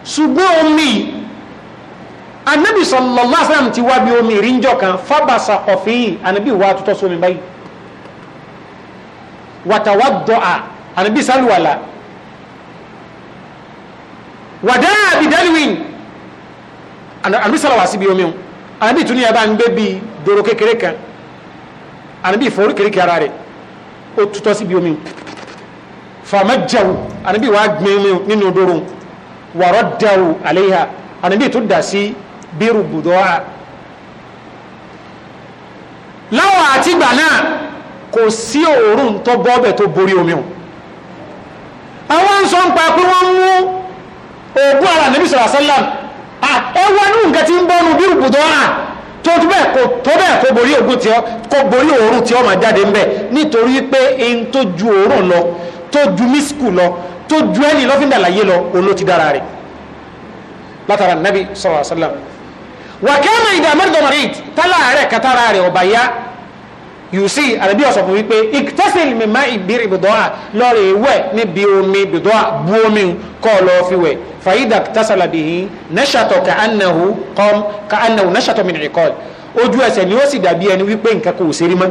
[SPEAKER 1] ṣùgbọ́n omi anabi sallallahu alaihi wasallam ti wá bí omi ìrìnjọ kan fábàṣà kọfí anabi wà tutọ́ sómi báyìí wàtàwádọ́à anabi sálùwàlà wàdáà bìdálùwìn anabi sálùwà sí bí omi o anabi tún ní ẹ bá ń gbé bí dòrò kékeré kan ànábì ìfọwọ́rìkèrékè ara rẹ̀ ó tutọ́ síbi omi fàmájàwù ànábì wàá gbẹ̀mí nínú odoro wàrọ̀ dàwù àléyà ànábì tó dà sí bírù bùdọ́à láwọn àtìgbà náà kò sí òórùn tó bọ́ọ̀bẹ̀ tó borí omi o àwọn ń sọ ń pa pé wọ́n mú òògùn ara ànábì sọ̀rọ̀ àṣálàm ẹwọ́n nù nǹkan tí ń bọ́nu bírù bùdọ́à tó bẹ́ẹ̀ kó tó bẹ́ẹ̀ kó borí ògùn tí ọ kó borí òórùn tí ọ máa jáde ńbẹ nítorí pé eyín tó ju òórùn lọ tó ju mísíkù lọ tó ju ẹni lọ́fíńdà láyé lọ oló ti dára rẹ̀ látara nàbí sallallahu alaihi wasallam wàkẹ́ mọ̀ ìdá mẹ́rin dọ̀mọ̀rin tálà rẹ̀ kátàrà rẹ̀ ọ̀bàyá yùsí àrẹ́bí ọ̀sọ̀ fún wípé ìtẹ́sílì mímá ìbírí bìdọ́à lọ́rọ̀ ìwẹ̀ níbi omi bìdọ́à bú omi kọ́ lọ fi wẹ̀ fàyídà tásàlà bìhí nẹ́ṣàtọ̀ kàánàhù kọ́m kàánàhù nẹ́ṣàtọ̀ mìíràn ìkọ́ ojú ẹsẹ̀ ni ó sì dàbí ẹni wípé nǹkan kò ṣe mọ́.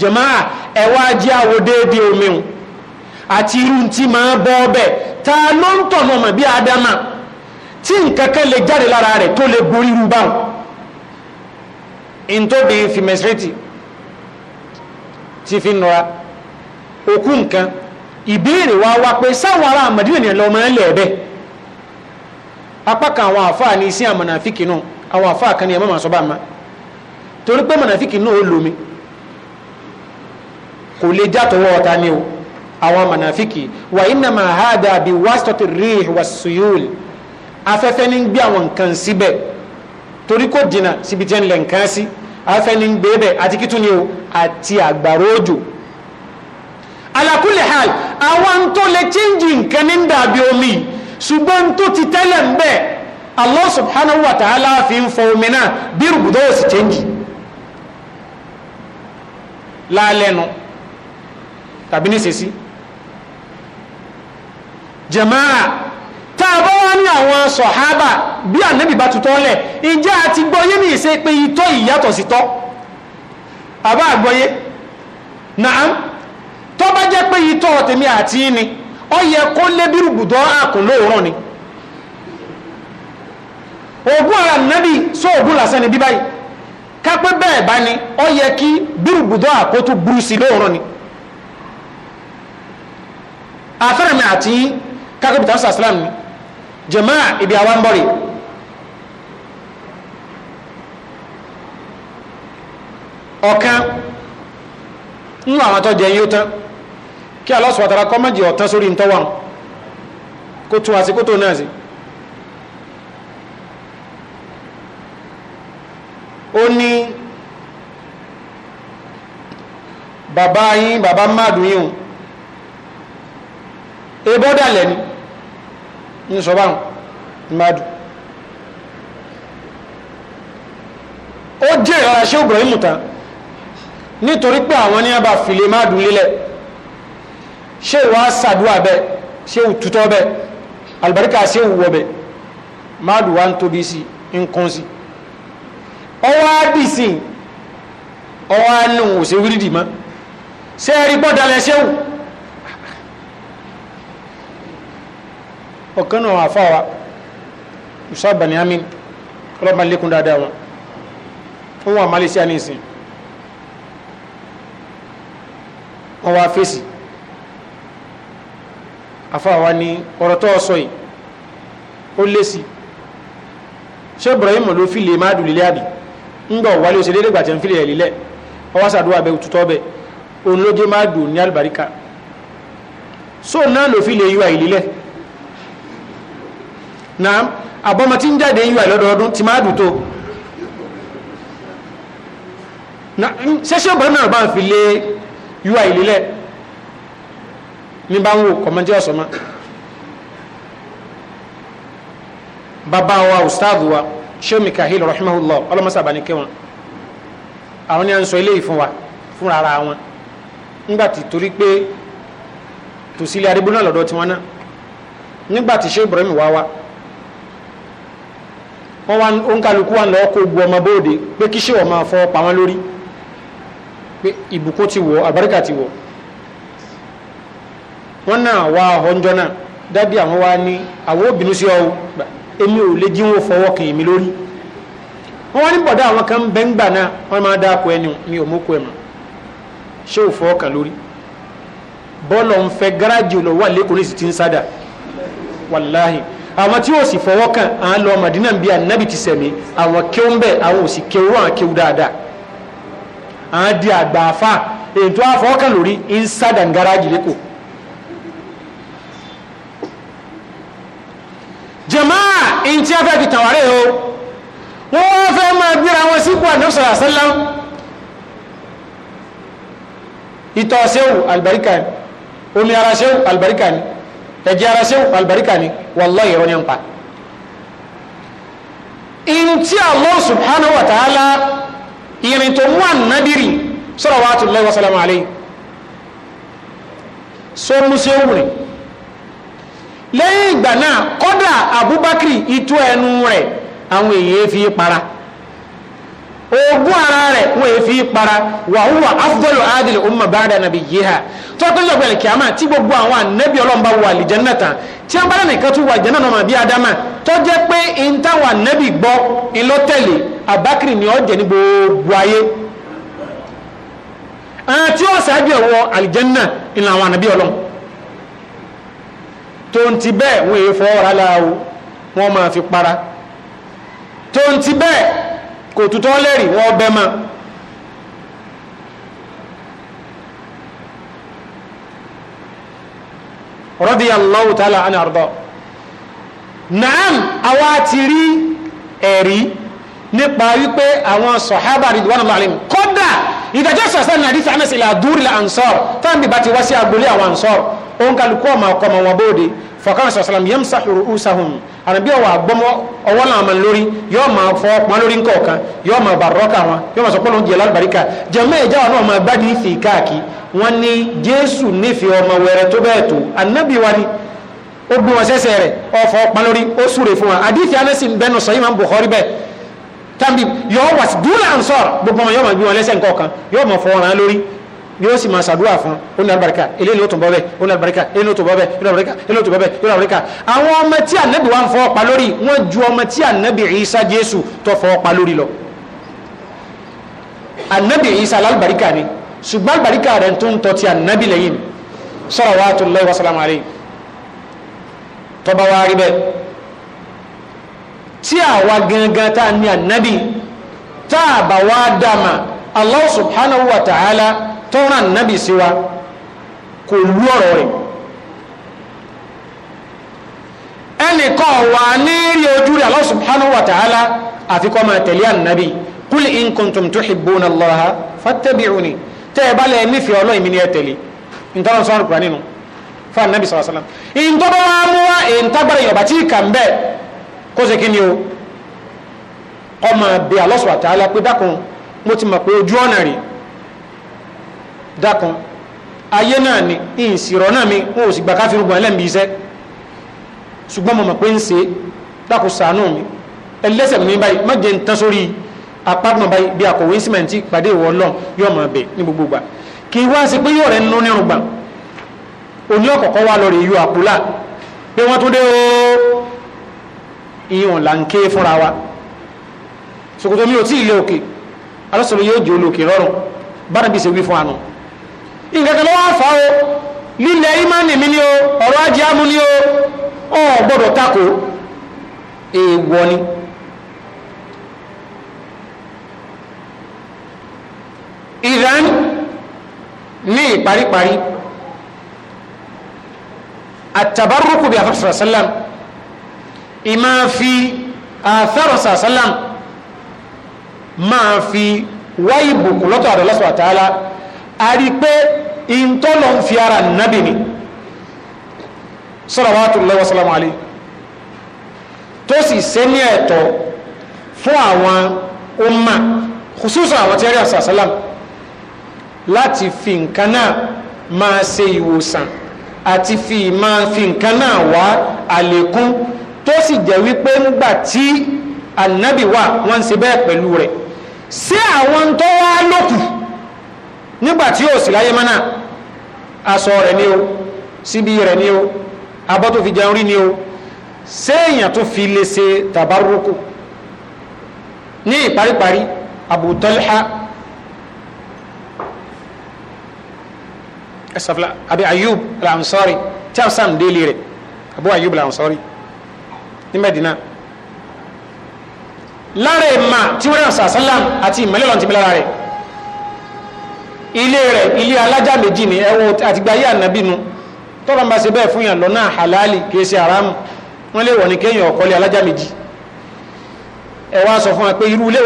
[SPEAKER 1] jàmáà ẹ wá jẹ́ àwo déédéé omi o àti irú tí máa bọ́ ọbẹ̀ ta ló ń tọ̀nà mọ̀ bí adama tí nǹkan kan lè jáde lára rẹ̀ tó lè borí irú báwọn ntòbi fìmẹsírẹ́tì ti fi nura oku nǹkan ìbéèrè wa wá pé sáwọn ará àmàdínà ní ọlọmọ ẹ lẹ́ẹ̀bẹ́ apá kan àwọn àfáà ní sí àmànàfíkì náà àwọn àfáà kan ní ẹ̀mọ́ màá ma torí pé mànàfíkì náà ó lomi kò lè jàtọ̀wọ́ ọ̀tá ni o àwọn mànàfíkì wà iná màá hádà rí torí kò dìnnà síbi jẹ́ ńlẹ̀ nǹkan sí afẹ́ni gbẹ́bẹ̀ àti kìtúni o àti àgbàrá òjò ala kulli hal àwọn tó lè chíńjì nǹkan ní dàbí omi ṣùgbọ́n tó ti tẹ́lẹ̀ ń bẹ Allah subhanahu wa ta'ala fi ń fọ omi náà bí rùgbùdó ò sì chíńjì lálẹ́nu tàbí ní sèsí jama'a tàbá wá ní àwọn sọ̀hábà bí ànẹ́bì bá nje a ìjẹ́ àti gbọ́yé ní kpeyi pé ìtọ́ ìyàtọ̀ sí tọ́ àbá àgbọ́yé naam tọ́ bá jẹ́ pé ìtọ́ tèmi àti ní ọ yẹ kó lé bírùgbùdọ́ àkùn lóòrán ni ogun ara ànẹ́bì só ogun lásán ni bí kápẹ́ bẹ́ẹ̀ bá ni ọ yẹ kí bírùgbùdọ́ àkótó burú sí lóòrán ni àti sàsílámù ni jẹ̀máà ibi àwọn bọ̀rì ọ̀kan nínú àwọn tó jẹ yíó tán kí alọ́sùwàtàrà kọ́mọ̀jì ọ̀tán sórí ìtọ́wọ̀n kó tún àsìkò tó náà sí ó ní bàbá yín bàbá máàdùn yín o ebọ́dà lẹ́ni ní sọ báwọn mmadu ó jẹ́ ìrara ṣé Ibrahim tán nítorí pé àwọn ní abà fìlè má dùn lílẹ̀ ṣé ìwà sàdúrà bẹ́ẹ̀ ṣé òtútọ́ bẹ́ẹ̀ àlùbáríkà ṣé òwúwọ́ bẹ́ẹ̀ má dùn wá ń tóbi sí ń kún sí ọwọ́ àdìsìn ọwọ́ àánú òṣèwírídì mọ́ ṣé ẹ rí gbọ́dọ̀ lẹ́ṣẹ́wù ọ̀kan náà àfa wa Musa Bani Amin ọlọ́ba lẹ́kùn dáadáa wọn ó wà Malaysia ní ìsìn wọn wá fèsì àfa wa ní ọ̀rọ̀ tó sọ yìí ó lẹ́sì ṣé Ibrahim ló fi lè má dùn lílé àbí ńgbọ̀ wálé ó ṣe déédéé gbàtẹ́ ń fi lílẹ̀ ọwọ́ sàdúrà bẹ́ẹ̀ òtútọ́ bẹ́ẹ̀ òun ló dé má dùn ní àlùbáríkà so náà ló fi lè yọ àìlílẹ̀ na àbọ́mọ tí ń jáde yíwa ìlọ́dọọdún ti máa dùn tó ṣẹ́ṣẹ́ bọ́ bá ń fi lé yíwa ní bá ń wò ọ̀sọ́mọ́ bàbá wa ustaadu wa ṣé mikahil rahimahullah ọlọ́mọsàbà ní kẹwọn àwọn ni a ń sọ eléyìí fún wa ara wọn nígbàtí torí pé tòsílẹ̀ adébúná wọ́n wá ń wà lọ́ọ́ kó ọmọ bóde pé kí ṣé wọ́n máa fọ́ pa wọ́n lórí pé ìbùkún ti wọ̀ àbáríkà ti wọ̀ wọ́n náà wá ọ̀hánjọ́ náà dádì àwọn wá ní àwọn obìnrin sí ọ èmi ò lè fọwọ́ mi lórí wọ́n wá ní bọ̀dá àwọn kan bẹ́ ń gbà náà wọ́n máa dáko àwọn tí ó sì fọwọ́ kàn à ń lọ Madina bí anabi ti sẹ̀mí àwọn kéwù ń bẹ̀ àwọn ò sì kéwù àwọn kéwù dáadáa à ń di àgbà afá èyí tó àfọwọ́ kàn lórí ń sádàn lẹ́kọ̀ọ́. jamaa ntí a fi tàn o wọ́n wá fẹ́ máa gbéra wọn sípò àdókòsọ̀rọ̀ àṣálàm ìtọ̀ ṣéwù àlùbáríkà ni omi ara ṣéwù àlùbáríkà ni ẹ̀jẹ̀ ara ṣe albarika ni wallahi ìrọ́ ní ń pa in tí Allah subhanahu wa ta'ala ìrìn tó mú ànábìrì salawatullahi wa salamu alayhi so musa wùrìn lẹ́yìn ìgbà náà kọ́dà Abubakar ìtú ẹnu rẹ̀ àwọn èèyàn fi para oògùn ara rẹ̀ wọ́n èéfi para wà wúwà afdalu adìlẹ̀ umma ba'da nabiyyiha tó tó lọ́gbẹ̀ lè kíámà tí gbogbo àwọn ànábì ọlọ́mba wà àlìjẹ́nà tán tí wọ́n bá rẹ̀ nìkan tún wà àlìjẹ́nà náà bí adama tó jẹ́ pé ìntàwọn ànábì gbọ́ ìlọ́tẹ̀lẹ̀ abakiri ni ó jẹ́ ní gbogbo ayé àti ó wọ́n èé fọ́ ọ́ rálá o wọ́n kò tutọ́ lẹ́rì wọ́n bẹ́ mọ́ radiyallahu ta'ala anhu àrùbọ̀ naam àwa ti rí ẹ̀rí nípa wípé àwọn sọ̀hábà ridwanullahi alaihim kọ́dà ìdájọ́ sọ̀sẹ́ ní àdísà Anas ila duril ansar táàbì bá ti wá sí agbolé àwọn ansar òun kálukú ọmọ ọkọ̀ ọmọ wọn bóde fa kana sallallahu yamsahu àrùnbí ọwọ́ àgbọ́mọ́ ọwọ́ làwọn máa lórí yóò máa fọ́ ọpọn lórí nǹkan ọ̀kan yóò máa bà rọ́ọ̀kà wọn yóò máa sọ pé lóun jẹ lálùbáríkà jẹ̀mọ́ ẹ̀já wọn náà máa gbádùn ìfì káàkiri wọn ní jésù nífẹ̀ẹ́ ọmọ wẹrẹ tó bẹ́ẹ̀ tó ànábì wa ni ó gbé wọn sẹ́sẹ̀ rẹ̀ ọ̀fọ̀ ọpọn lórí ó súre fún wa àdìsí anẹ́sì bẹ́nu sọ yìí máa ń tàbí yóò wà dúró à gbogbo wọn yóò máa gbé wọn lẹ́sẹ̀ yóò sì máa ṣàdúrà fún oní àbáríkà eléyìí ló tún bọ́ bẹ́ẹ̀ oní àbáríkà eléyìí ló tún bọ́ bẹ́ẹ̀ oní àbáríkà eléyìí ló tún bọ́ bẹ́ẹ̀ oní àbáríkà. àwọn ọmọ tí ànábì wa ń fọ́ ọpa lórí wọ́n ju ọmọ tí ànábì Ìsá Jésù tó fọ́ ọpa lórí lọ. ànábì Ìsá lálùbáríkà ni ṣùgbọ́n àlùbáríkà rẹ̀ tó ń tọ́ ti ànábì lẹ́yìn salawatullahi wa tó bá wá rí bẹ́ẹ̀ wa ta'ala tó rán nábì sí wa kò lú ọ̀rọ̀ rẹ̀ ẹnìkan wà ní rí ojú rẹ̀ Allah subhanahu wa ta'ala àfi kọ́ máa tẹ̀lé ànábì kúlì in kuntum tuhibbuna Allaha fattabi'uni tẹ́ ẹ bá lẹ̀ nífẹ̀ẹ́ ọlọ́ọ̀ mi ni ẹ tẹ̀lé ntọ́lọ́ sọ́rọ̀ kúrò nínú fún ànábì sallallahu alaihi dákun ayé náà ni ìsìrọ̀ náà mi wọn ò sì gbà káfí rúgbọ̀n ẹlẹ́mìí iṣẹ́ ṣùgbọ́n mo mọ̀ pé ń ṣe dákun ṣàánú mi ẹlẹ́sẹ̀ mi báyìí má jẹ́ ń tán sórí apágbọ̀n báyìí bí akọ̀wé símẹ́ǹtì pàdé ìwọ ọlọ́run yóò mọ̀ bẹ̀ ní gbogbo gbà kì í wá sí pé yóò rẹ̀ nínú nírun gbà òní ọ̀kọ̀ọ̀kọ̀ yọ àpòlà mi ò tí ì lé òkè alọ́sọ̀rọ̀ yóò jẹ́ olókè rọrùn bá nàbí ṣe fún àná nǹkan lọ́wọ́ àfà o lílẹ̀ ìmánì mi ni o ọ̀rọ̀ ajé amú ni o ò gbọ́dọ̀ takò èèwọ̀ ni ìran ní ìparíparí àtàbárùkù bí afẹ́sọ̀rọ̀ sálàm ìmá fi àfẹ́rọ̀ sàsálàm máa fi wáyé bùkún lọ́tọ̀ àdọ́lọ́sọ̀ àtàlá a rí pé ìntọ́lọ̀ ń fi ara ni salawatullahi wa salamu alayhi tó sì ṣe ní ẹ̀tọ́ fún àwọn umma khususan àwọn tí a rí àṣàṣálàm láti fi nǹkan náà máa ṣe ìwòsàn àti fi máa fi nǹkan náà wá àlékún tó sì jẹ́ wípé ńgbà tí ànábì wà wọ́n ń ṣe bẹ́ẹ̀ pẹ̀lú rẹ̀ sí àwọn tó wá lókùn nígbà tí yóò sì láyé mọ́nà aṣọ rẹ̀ ni o síbi rẹ̀ ni o abọ́ tó fi jẹun rí ni o séèyàn tó fi lè ṣe tàbárúkú ní ìparíparí Abu Talha ẹsàfilà Abi Ayyub al-Ansari tí a sàn délé rẹ̀ Abu Ayub al-Ansari ní Mẹ́dínà lára ìmà tí wọ́n rẹ̀ sàṣálàm àti ìmọ̀lẹ́lọ́n ti rẹ̀ ilé rẹ̀ ilé alájà méjì ni ẹwọ àtìgbáyé ànábìnu tọ́lọ́ bá ṣe bẹ́ẹ̀ fún yàn lọ́nà halali kìí aramu wọ́n lè wọ̀ ní kéèyàn ọ̀kọ́lé alájà méjì ẹ sọ fún wa pé irú ilé ń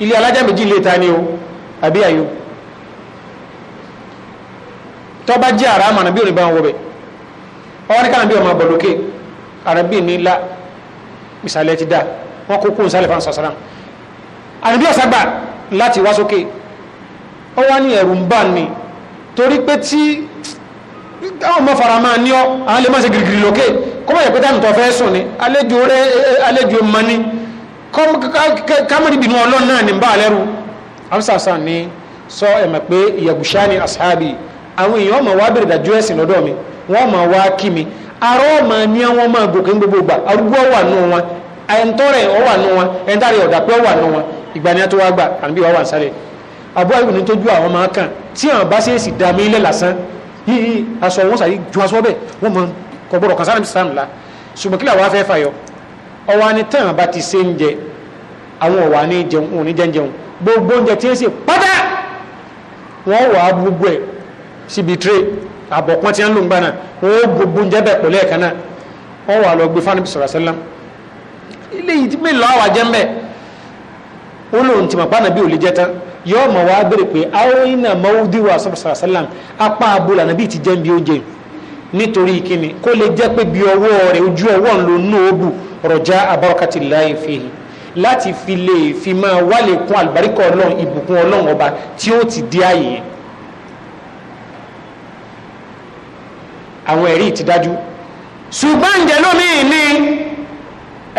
[SPEAKER 1] bọ̀ ta ni o àbí àyò tọ́ba jẹ́ aramu ànábì òní bá wọn wọ ọwọ́ ní káàbí ọmọ ní la misali ti da wọ́n kó kó ó wá ní ẹ̀rù ń bà mí torí pé tí táwọn ọmọ fara máa ní ọ àwọn lè má ṣe gìrìgìrì lókè kó má yẹ pé táwọn tó fẹ́ sùn ni àlejò rẹ àlejò mani kámẹ́rì bínú ọlọ́run náà ní bá lẹ́rù amsasa ní ni asahabi àwọn èèyàn ọmọ wa bẹ̀rẹ̀ dájú ẹ̀sìn lọ́dọ̀ mi wọ́n máa wá kí mi ará ọmọ ní wọn máa nù wọn ẹ̀ńtọ́rẹ̀ ọ wà nù nù wọn ìgbà tó wá gbà àbí wà wà sálẹ̀ àbú àyùbù ní tójú àwọn máa kàn tí àwọn bá ṣe é sì dàmí ilẹ̀ lásán yìí aṣọ wọn sàyí ju aṣọ bẹ́ẹ̀ wọ́n mọ kọ̀gbọ́dọ̀ kan sáré sáré la ṣùgbọ́n kílà wàá fẹ́ fàyọ ọwọ́ ni tán bá ti ṣe ń jẹ àwọn ọ̀wà ní jẹun òní jẹun gbogbo oúnjẹ tí ń ṣe pátá wọ́n wà á gbogbo ẹ̀ síbi tré àbọ̀pọ́n tí ń lò ń gbà náà wọ́n gbogbo oúnjẹ bẹ̀ pẹ̀lú ẹ̀kan náà wọ́n wà yóò mọ̀ wá bèrè pé àìrìnà mọ́wúdíwà sọ́sàlám apá abúlà nàbí ti jẹ́ bí ó jẹ nítorí kíni kó lè jẹ́ pé bí ọwọ́ rẹ̀ ojú ọwọ́ ń lo nóòbù rọ̀já àbárọ̀kàtì láì fihì láti fi lè fi máa wálé kún àlùbáríkà ọlọ́run ìbùkún ọlọ́run ọba tí ó ti di ààyè yẹn àwọn ẹ̀rí ti dájú ṣùgbọ́n ǹjẹ́ lómìn ní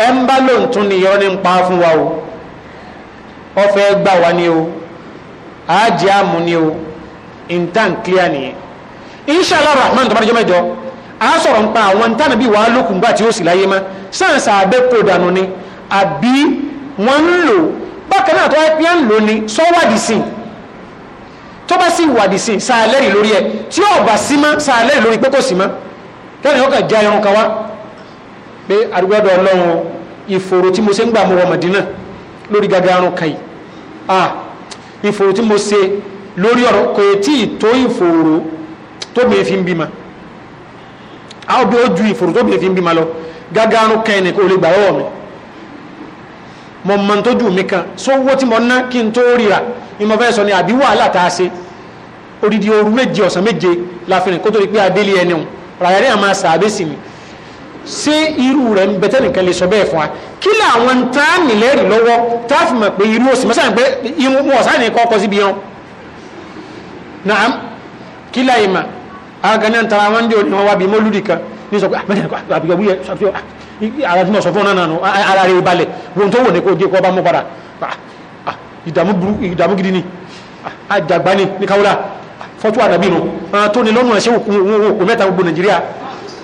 [SPEAKER 1] ẹ̀ ń bá lóǹtún nìyọ́ ní pa fún wa o ọ̀fẹ́ gbà wá ní o àájì àmú ni o intan clear nìyẹn inshallah rahman tó bá jẹ́ a sọ̀rọ̀ nípa àwọn ntànà bí wàá lókun gbà tí ó sì láyé má sáǹsà abẹ́ kó dànù ni àbí wọ́n ń lò bákan náà tó wáyé pé à ń lò ni sọ́wádìí sìn tó bá sì wàdìí sí sàálẹ́rì lórí ẹ tí ó bá sí mọ́ sàálẹ́rì lórí pẹ́kọ̀ sí mọ́ lẹ́nu ọkà jẹ́ ẹran kan wá pé àdúgbẹ́dọ̀ ọlọ́run ìfòrò tí mo ṣe ń gbà mọ́ wọ Mádínà lórí gàgà arun kan yìí ah ìfòrò tí mo ṣe lórí ọ̀rọ̀ kò tí ì tó ìfòrò tóbi fi ń bímọ àwọn bí ó ju ìfòrò tóbi fi ń bímọ lọ gágárún kẹ́ni kò lè gbà lọ́wọ́ mi mo mọ tó jù mí kan sówó tí mo ná kí n tó ríra ni mo fẹ́ sọ ni àbí wàhálà tá a ṣe odidi òru méje ọ̀sán méje la fi rìn kó tó di pé adélé ẹni hùn ràyàrí àmà sàbẹ́sì mi ṣé irú rẹ̀ ń bẹ̀tẹ̀ nìkan lè sọ bẹ́ẹ̀ fún wa kí làwọn tá a nílẹ̀ rí lọ́wọ́ tá a fi mọ̀ pé irú òsì mọ́sàn pé irun ọ̀sán ní kọ́kọ́ síbi yan naam kí láyé mà agani ń tara wọn jò ní wọn wá bí mọ́lúdì kan ní sọ pé àbẹ̀tẹ̀ nìkan àbíkọ̀ wúyẹ sọfíọ́ ara tí mo sọ fún ọ náà nù ara rẹ̀ balẹ̀ wọn tó wò ní kó jẹ́ kó bá mú padà ìdààmú gidi ni àjàgbá ni ní káwọ́dà fọ́tò àdàbí nù tó ní lọ́nà ẹ̀ṣẹ́ òkú mẹ́ta gbogbo Nàìjíríà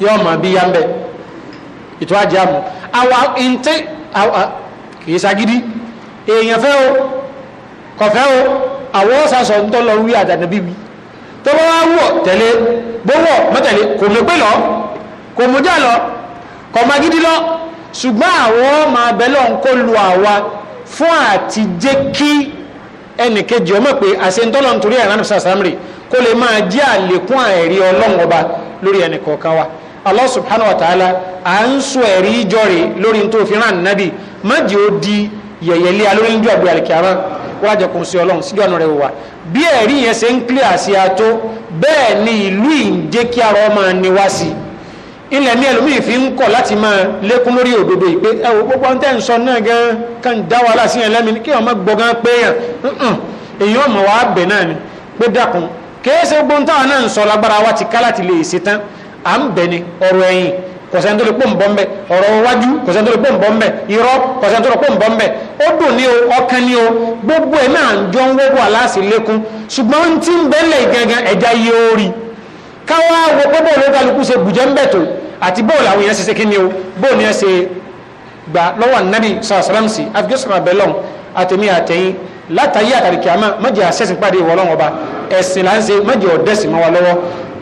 [SPEAKER 1] yóò ma bi yá ń bẹ̀ ètò ajá awa àwa ntẹ́ kìí sagidi èèyàn fẹ́ o kọ̀fẹ́ o àwọn ọ̀sàsọ̀ ń tọ́ lọ wí àtànàbí mi tó bá wá wọ̀ tẹ̀lé gbówọ̀ mọ́tẹ̀lé kò mú pé lọ kò mú jà lọ kò má gidi lọ ṣùgbọ́n àwọn ọmọ abẹ́lọ́ ń kó lu àwa fún àti jẹ́ kí ẹnì kejì ọmọ pé àṣentọ́lọ́ nítorí ẹ̀ránù sàsámrì kó lè máa jẹ́ àlékún àìrí ọlọ́run lórí ẹnì kọ̀ọ̀kan wa. Allah subhanahu wa ta'ala à ń sọ ẹ̀rí jọrè lórí tó fi ràn nábì mọ́jì ó di yẹ̀yẹ̀lé alórí ní ọ̀gbẹ́ àlìkíyàmá wá jẹkùn sí ọlọ́run síjọ́ ọ̀nà rẹ̀ wà bí ẹ̀rí yẹn ṣe ń kílẹ̀ àṣì àtó bẹ́ẹ̀ ni ìlú ìjẹ́ kí ara ọmọ ni wá sí ilẹ̀ ní ẹlòmíì fi ń kọ̀ láti máa lékún lórí òdodo ìpé ẹwọ gbogbo ọ̀n tẹ́ ń sọ náà gan kan dá wàhálà sí yẹn lẹ́mìí kí ọmọ gbọ́ gan pé yàn èyàn ọmọ wa bẹ̀ náà ni pé dákun kèése gbóntàn náà ń sọ lágbára wa ti ká láti lè ṣetán à ń bẹ̀ ni ọ̀rọ̀ ẹ̀yìn kọ̀sẹ̀ntólè pò ń bọ́ mbẹ́ ọ̀rọ̀ wájú kọ̀sẹ̀ntólè pò ń bọ́ mbẹ́ irọ́ kọ̀sẹ̀ntólè pò ń bọ́ mbẹ́ ó dùn ní o ọkàn ní o gbogbo ẹ̀ náà ń jọ ń wọ́pọ̀ aláàsì lékún ṣùgbọ́n tí ń bẹ́lẹ̀ gangan ẹ̀já yé orí káwá wo pé bóòlù kálukú ṣe bùjẹ́ ń bẹ̀ tó àti bóòlù àwọn èèyàn ṣe kí ni o bóòlù yẹn ṣe gbà lọ́wọ́ ànábì sàlámsì àfikẹ́sọ̀rọ̀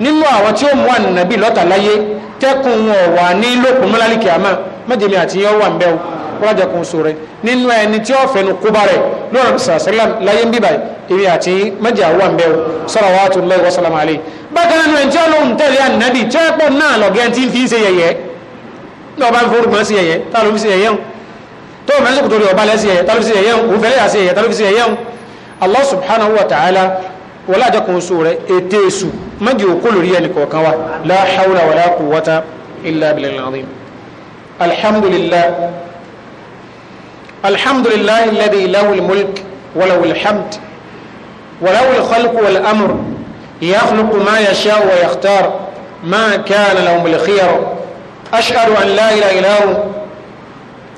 [SPEAKER 1] nínú àwọn tí ó mú ànàbí lọ́tàláyé tẹ́kùn wọn wà ní lókun mọ́lálìkì àmà mẹ́jẹ̀mí àti yẹn wà ń bẹ́ o rájàkun sóre nínú ẹni tí ó fẹnu kóbá rẹ̀ lọ́rọ̀ sàṣẹ́lám láyé ń bíbáyé èmi àti mẹ́jẹ̀ àwọn àmì bẹ́ẹ̀ salawatullahi wa salamu alayhi bákan nínú ẹni tí ó lóhun tẹ̀lé ànàbí tí ó pọ̀ náà lọ́gẹ́ tí ń fi ṣe yẹ̀yẹ́ ọba forúkọ sí yẹ̀yẹ́ tá fi ṣe yẹ̀yẹ́ tó o mẹ́sàn kò ọba lẹ́sẹ̀ sí yẹ̀yẹ́ tá fi ṣe yẹ̀yẹ́ Allah subhanahu wa ولا دكم سورة اتسو ما جيو يعني كل ريانك وكوا لا حول ولا قوة إلا بالله العظيم الحمد لله الحمد لله الذي له الملك وله الحمد وله الخلق والأمر يخلق ما يشاء ويختار ما كان لهم الخير أشهد أن لا إله إلا هو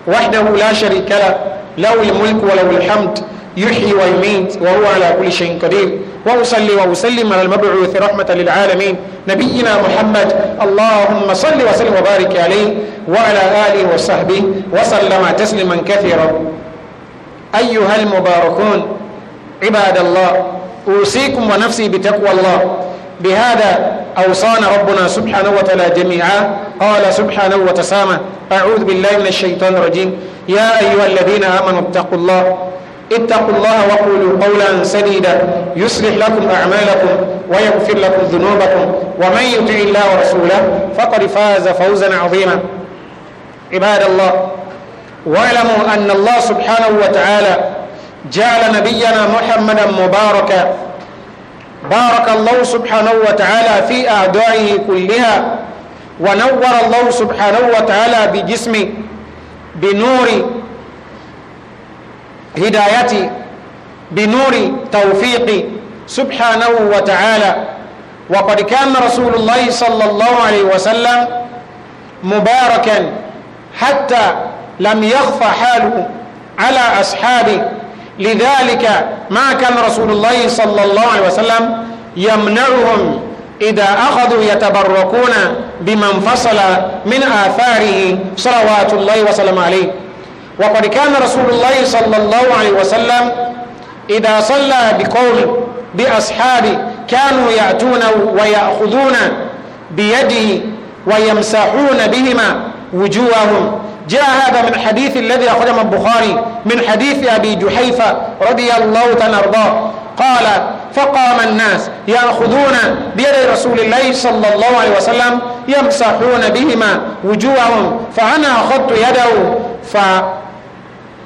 [SPEAKER 1] وحده لا شريك له له الملك وله الحمد يحيي ويميت وهو على كل شيء قدير وأصلي وأسلم على المبعوث رحمة للعالمين نبينا محمد اللهم صل وسلم وبارك عليه وعلى آله وصحبه وسلم تسليما كثيرا أيها المباركون عباد الله أوصيكم ونفسي بتقوى الله بهذا أوصانا ربنا سبحانه وتعالى جميعا قال سبحانه وتسامى أعوذ بالله من الشيطان الرجيم يا أيها الذين آمنوا اتقوا الله اتقوا الله وقولوا قولا سديدا يصلح لكم أعمالكم ويغفر لكم ذنوبكم ومن يطع الله ورسوله فقد فاز فوزا عظيما عباد الله واعلموا أن الله سبحانه وتعالى جعل نبينا محمدا مباركا بارك الله سبحانه وتعالى في أعدائه كلها ونور الله سبحانه وتعالى بجسمه بنوري هدايتي بنور توفيقي سبحانه وتعالى وقد كان رسول الله صلى الله عليه وسلم مباركا حتى لم يخف حاله على أصحابه لذلك ما كان رسول الله صلى الله عليه وسلم يمنعهم إذا أخذوا يتبركون بمن فصل من آثاره صلوات الله وسلم عليه وقد كان رسول الله صلى الله عليه وسلم إذا صلى بقوم بأصحابه كانوا يأتون ويأخذون بيده ويمسحون بهما وجوههم جاء هذا من حديث الذي أخرجه البخاري من حديث أبي جحيفة رضي الله تعالى عنه قال فقام الناس يأخذون بيد رسول الله صلى الله عليه وسلم يمسحون بهما وجوههم فأنا أخذت يده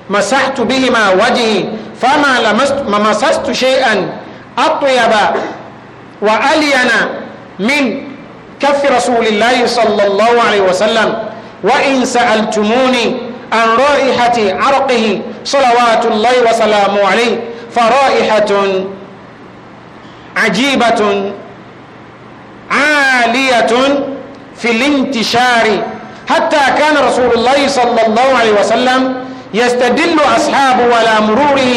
[SPEAKER 1] فمسحت بهما وجهي فما لمست مسست شيئا أطيب وألين من كف رسول الله صلى الله عليه وسلم وإن سألتموني عن رائحة عرقه صلوات الله وسلامه عليه فرائحة عجيبة عالية في الانتشار حتى كان رسول الله صلى الله عليه وسلم يستدل أصحابه على مروره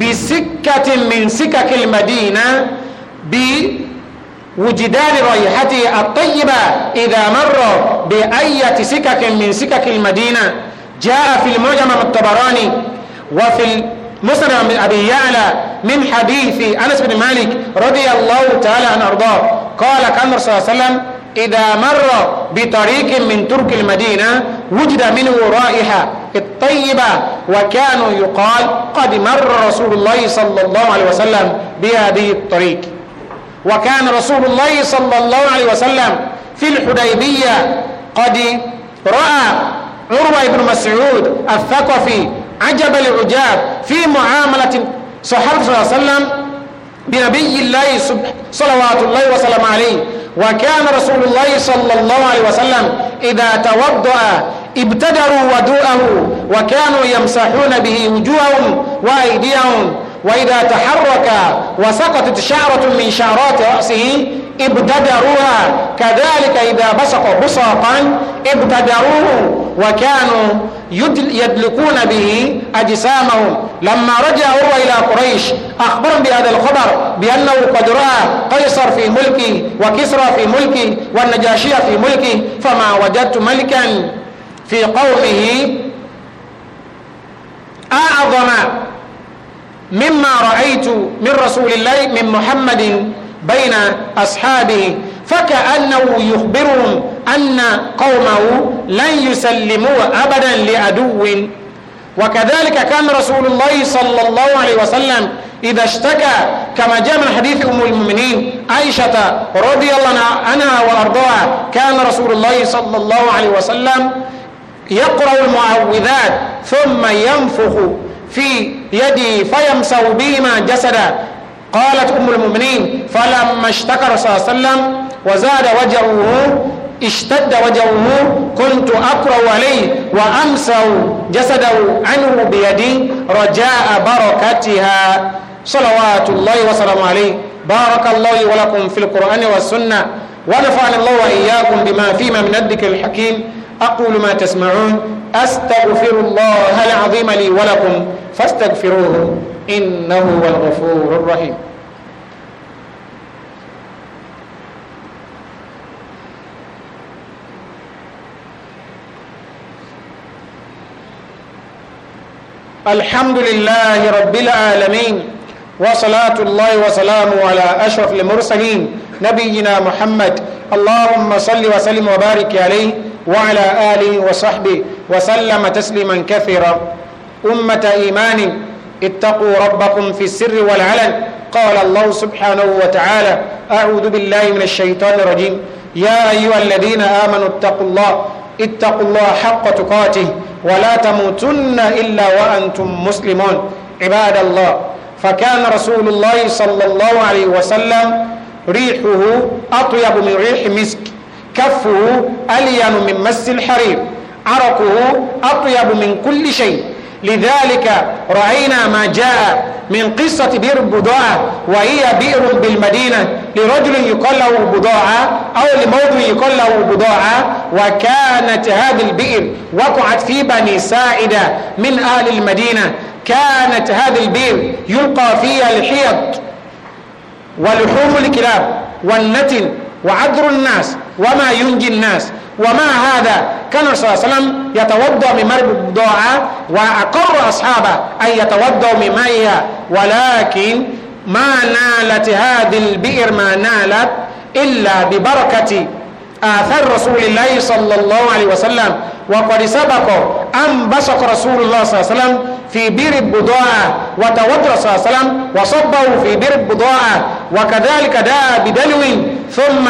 [SPEAKER 1] بسكة من سكك المدينة بوجدان ريحته الطيبة إذا مر بأية سكك من سكك المدينة جاء في المعجم الطبراني وفي مسلم بن أبي يعلى من حديث أنس بن مالك رضي الله تعالى عن أرضاه قال كان الرسول صلى الله عليه وسلم إذا مر بطريق من ترك المدينة وجد منه رائحة الطيبة وكانوا يقال قد مر رسول الله صلى الله عليه وسلم بهذه الطريق وكان رسول الله صلى الله عليه وسلم في الحديبية قد رأى عروة بن مسعود الثقفي عجب العجاب في معاملة صحابة صلى الله عليه وسلم بنبي الله صلوات الله وسلم عليه وكان رسول الله صلى الله عليه وسلم إذا توضأ ابتدروا ودوءه وكانوا يمسحون به وجوههم وأيديهم وإذا تحرك وسقطت شعرة من شعرات رأسه ابتدروها كذلك إذا بصق بصاقا ابتدروه وكانوا يدلكون به أجسامهم لما رجع هو إلى قريش أخبرهم بهذا الخبر بأنه قد رأى قيصر في ملكي وكسرى في ملكي والنجاشية في ملكي فما وجدت ملكا في قومه أعظم مما رأيت من رسول الله من محمد بين أصحابه فكأنه يخبرهم أن قومه لن يسلموا أبدا لعدو وكذلك كان رسول الله صلى الله عليه وسلم إذا اشتكى كما جاء من حديث أم المؤمنين عائشة رضي الله عنها وأرضاها كان رسول الله صلى الله عليه وسلم يقرأ المعوذات ثم ينفخ في يده فيمسح بهما جسدا قالت أم المؤمنين فلما اشتكر صلى الله عليه وسلم وزاد وجهه اشتد وجهه كنت أقرأ عليه وأمسه جسده عنه بيدي رجاء بركتها صلوات الله وسلامه عليه بارك الله ولكم في القرآن والسنة ونفعني الله وإياكم بما فيما من الذكر الحكيم أقول ما تسمعون أستغفر الله العظيم لي ولكم فاستغفروه إنه هو الغفور الرحيم الحمد لله رب العالمين وصلاة الله وسلامه على أشرف المرسلين نبينا محمد اللهم صل وسلم وبارك عليه وعلى آله وصحبه وسلم تسليما كثيرا أمة إيمان اتقوا ربكم في السر والعلن قال الله سبحانه وتعالى أعوذ بالله من الشيطان الرجيم يا أيها الذين آمنوا اتقوا الله اتقوا الله حق تقاته ولا تموتن إلا وأنتم مسلمون عباد الله فكان رسول الله صلى الله عليه وسلم ريحه أطيب من ريح مسك كفه ألين من مس الحرير عرقه أطيب من كل شيء لذلك رأينا ما جاء من قصة بئر بضاعة وهي بئر بالمدينة لرجل يقال له بضاعة أو لموضع يقال له بضاعة وكانت هذه البئر وقعت في بني ساعدة من أهل المدينة كانت هذه البئر يلقى فيها الحيط ولحوم الكلاب والنتن وعذر الناس وما ينجي الناس وما هذا كان صلى الله عليه وسلم يتوضا من مرب بضاعة وأقر أصحابه أن يتوضأوا من مياه ولكن ما نالت هذه البئر ما نالت إلا ببركة آثار رسول الله صلى الله عليه وسلم وقد سبق أن بصق رسول الله صلى الله عليه وسلم في بئر البضاعة وتوضأ صلى الله عليه وسلم وصبه في بئر البضاعة وكذلك دعا بدلو ثم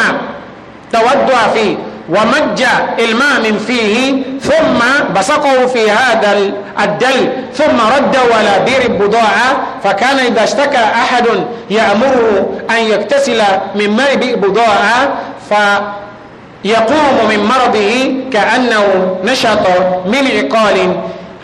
[SPEAKER 1] توضع فيه ومج الماء من فيه ثم بصقه في هذا الدل ثم رد على بير البضاعة فكان إذا اشتكى أحد يأمره أن يغتسل من ماء بئر بضاعة فيقوم من مرضه كأنه نشط من عقال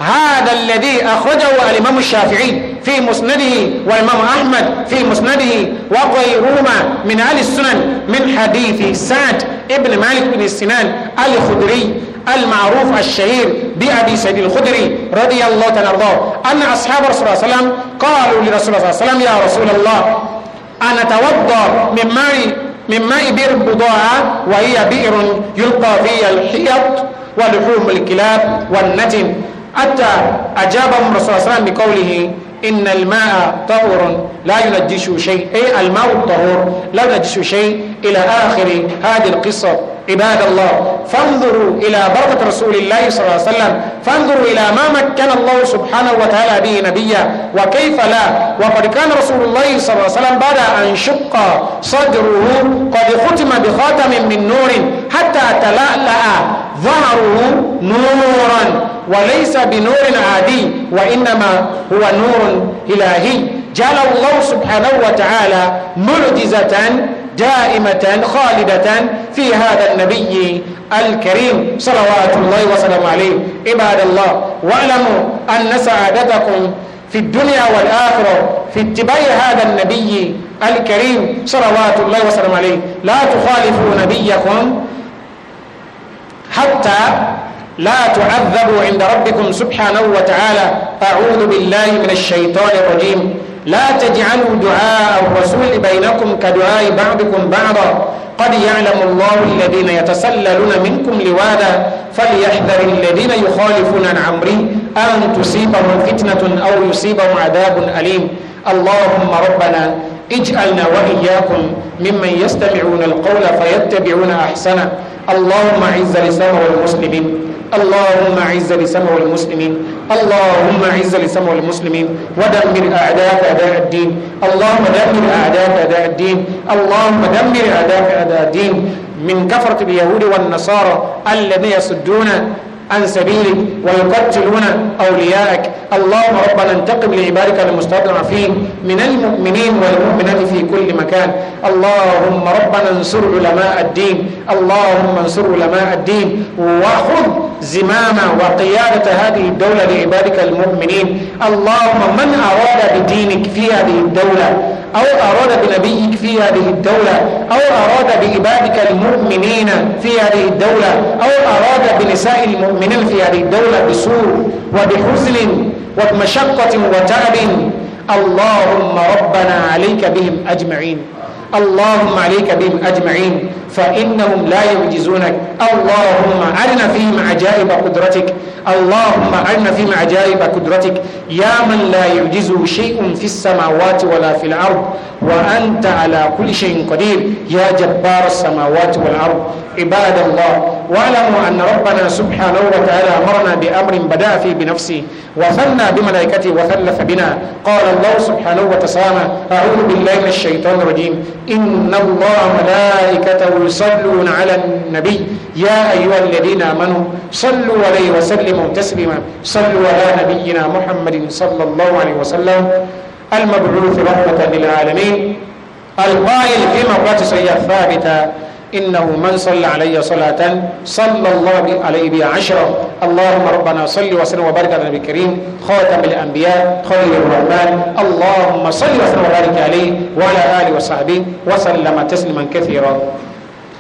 [SPEAKER 1] هذا الذي أخرجه الإمام الشافعي في مسنده والإمام أحمد في مسنده وغيرهما من أهل السنن من حديث سعد ابن مالك بن السنان الخدري المعروف الشهير بأبي سعيد الخدري رضي الله تعالى عنه أن أصحاب رسول الله صلى الله عليه وسلم قالوا لرسول الله صلى الله عليه وسلم يا رسول الله أنا توضى من ماء من ماء بئر بضاعة وهي بئر يلقى فيها الحيط ولحوم الكلاب والنجم حتى أجابهم الرسول صلى الله عليه وسلم بقوله إن الماء طهور لا ينجش شيء أي الماء الطهور لا ينجش شيء إلى آخر هذه القصة عباد الله فانظروا إلى بركة رسول الله صلى الله عليه وسلم فانظروا إلى ما مكن الله سبحانه وتعالى به نبيا وكيف لا وقد كان رسول الله صلى الله عليه وسلم بعد أن شق صدره قد ختم بخاتم من نور حتى تلألأ ظهره نورا وليس بنور عادي وإنما هو نور إلهي جعل الله سبحانه وتعالى معجزة دائمة خالدة في هذا النبي الكريم صلوات الله وسلامه عليه عباد الله واعلموا أن سعادتكم في الدنيا والآخرة في اتباع هذا النبي الكريم صلوات الله وسلامه عليه لا تخالفوا نبيكم حتى لا تعذبوا عند ربكم سبحانه وتعالى أعوذ بالله من الشيطان الرجيم لا تجعلوا دعاء الرسول بينكم كدعاء بعضكم بعضا قد يعلم الله الذين يتسللون منكم لواذا فليحذر الذين يخالفون عن امره ان تصيبهم فتنه او يصيبهم عذاب أليم اللهم ربنا اجعلنا وإياكم ممن يستمعون القول فيتبعون احسنه اللهم عز الاسلام والمسلمين اللهم عز الاسلام والمسلمين اللهم عز الاسلام والمسلمين ودمر اعداءك اعداء الدين اللهم دمر اعداءك اعداء الدين اللهم دمر اعداءك اعداء الدين من كفرة اليهود والنصارى الذين يصدون عن سبيلك ويقتلون أولياءك اللهم ربنا انتقم لعبادك المستضعفين من المؤمنين والمؤمنات في كل مكان اللهم ربنا انصر علماء الدين اللهم انصر علماء الدين وخذ زمام وقيادة هذه الدولة لعبادك المؤمنين اللهم من أراد بدينك في هذه الدولة أو أراد بنبيك في هذه الدولة أو أراد بإبادك المؤمنين في هذه الدولة أو أراد بنساء المؤمنين في هذه الدولة بسوء وبحزن وبمشقة وتعب اللهم ربنا عليك بهم أجمعين اللهم عليك بهم أجمعين فإنهم لا يعجزونك اللهم أرنا فيهم عجائب قدرتك اللهم أرنا فيهم عجائب قدرتك يا من لا يعجزه شيء في السماوات ولا في الأرض وأنت على كل شيء قدير يا جبار السماوات والأرض عباد الله واعلموا أن ربنا سبحانه وتعالى أمرنا بأمر بدأ فيه بنفسه وثنى بملائكته وثلث بنا قال الله سبحانه وتعالى أعوذ بالله من الشيطان الرجيم إن الله ملائكته يصلون على النبي يا أيها الذين آمنوا صلوا عليه وسلموا تسليما صلوا على نبينا محمد صلى الله عليه وسلم المبعوث رحمة للعالمين القائل في مقرات سيئة ثابتة إنه من صلى علي صلاة صلى الله عليه بها عشرة اللهم ربنا صل وسلم وبارك على النبي الكريم خاتم الأنبياء خليل الرحمن اللهم صل وسلم وبارك عليه وعلى آله وصحبه
[SPEAKER 2] وسلم تسليما كثيرا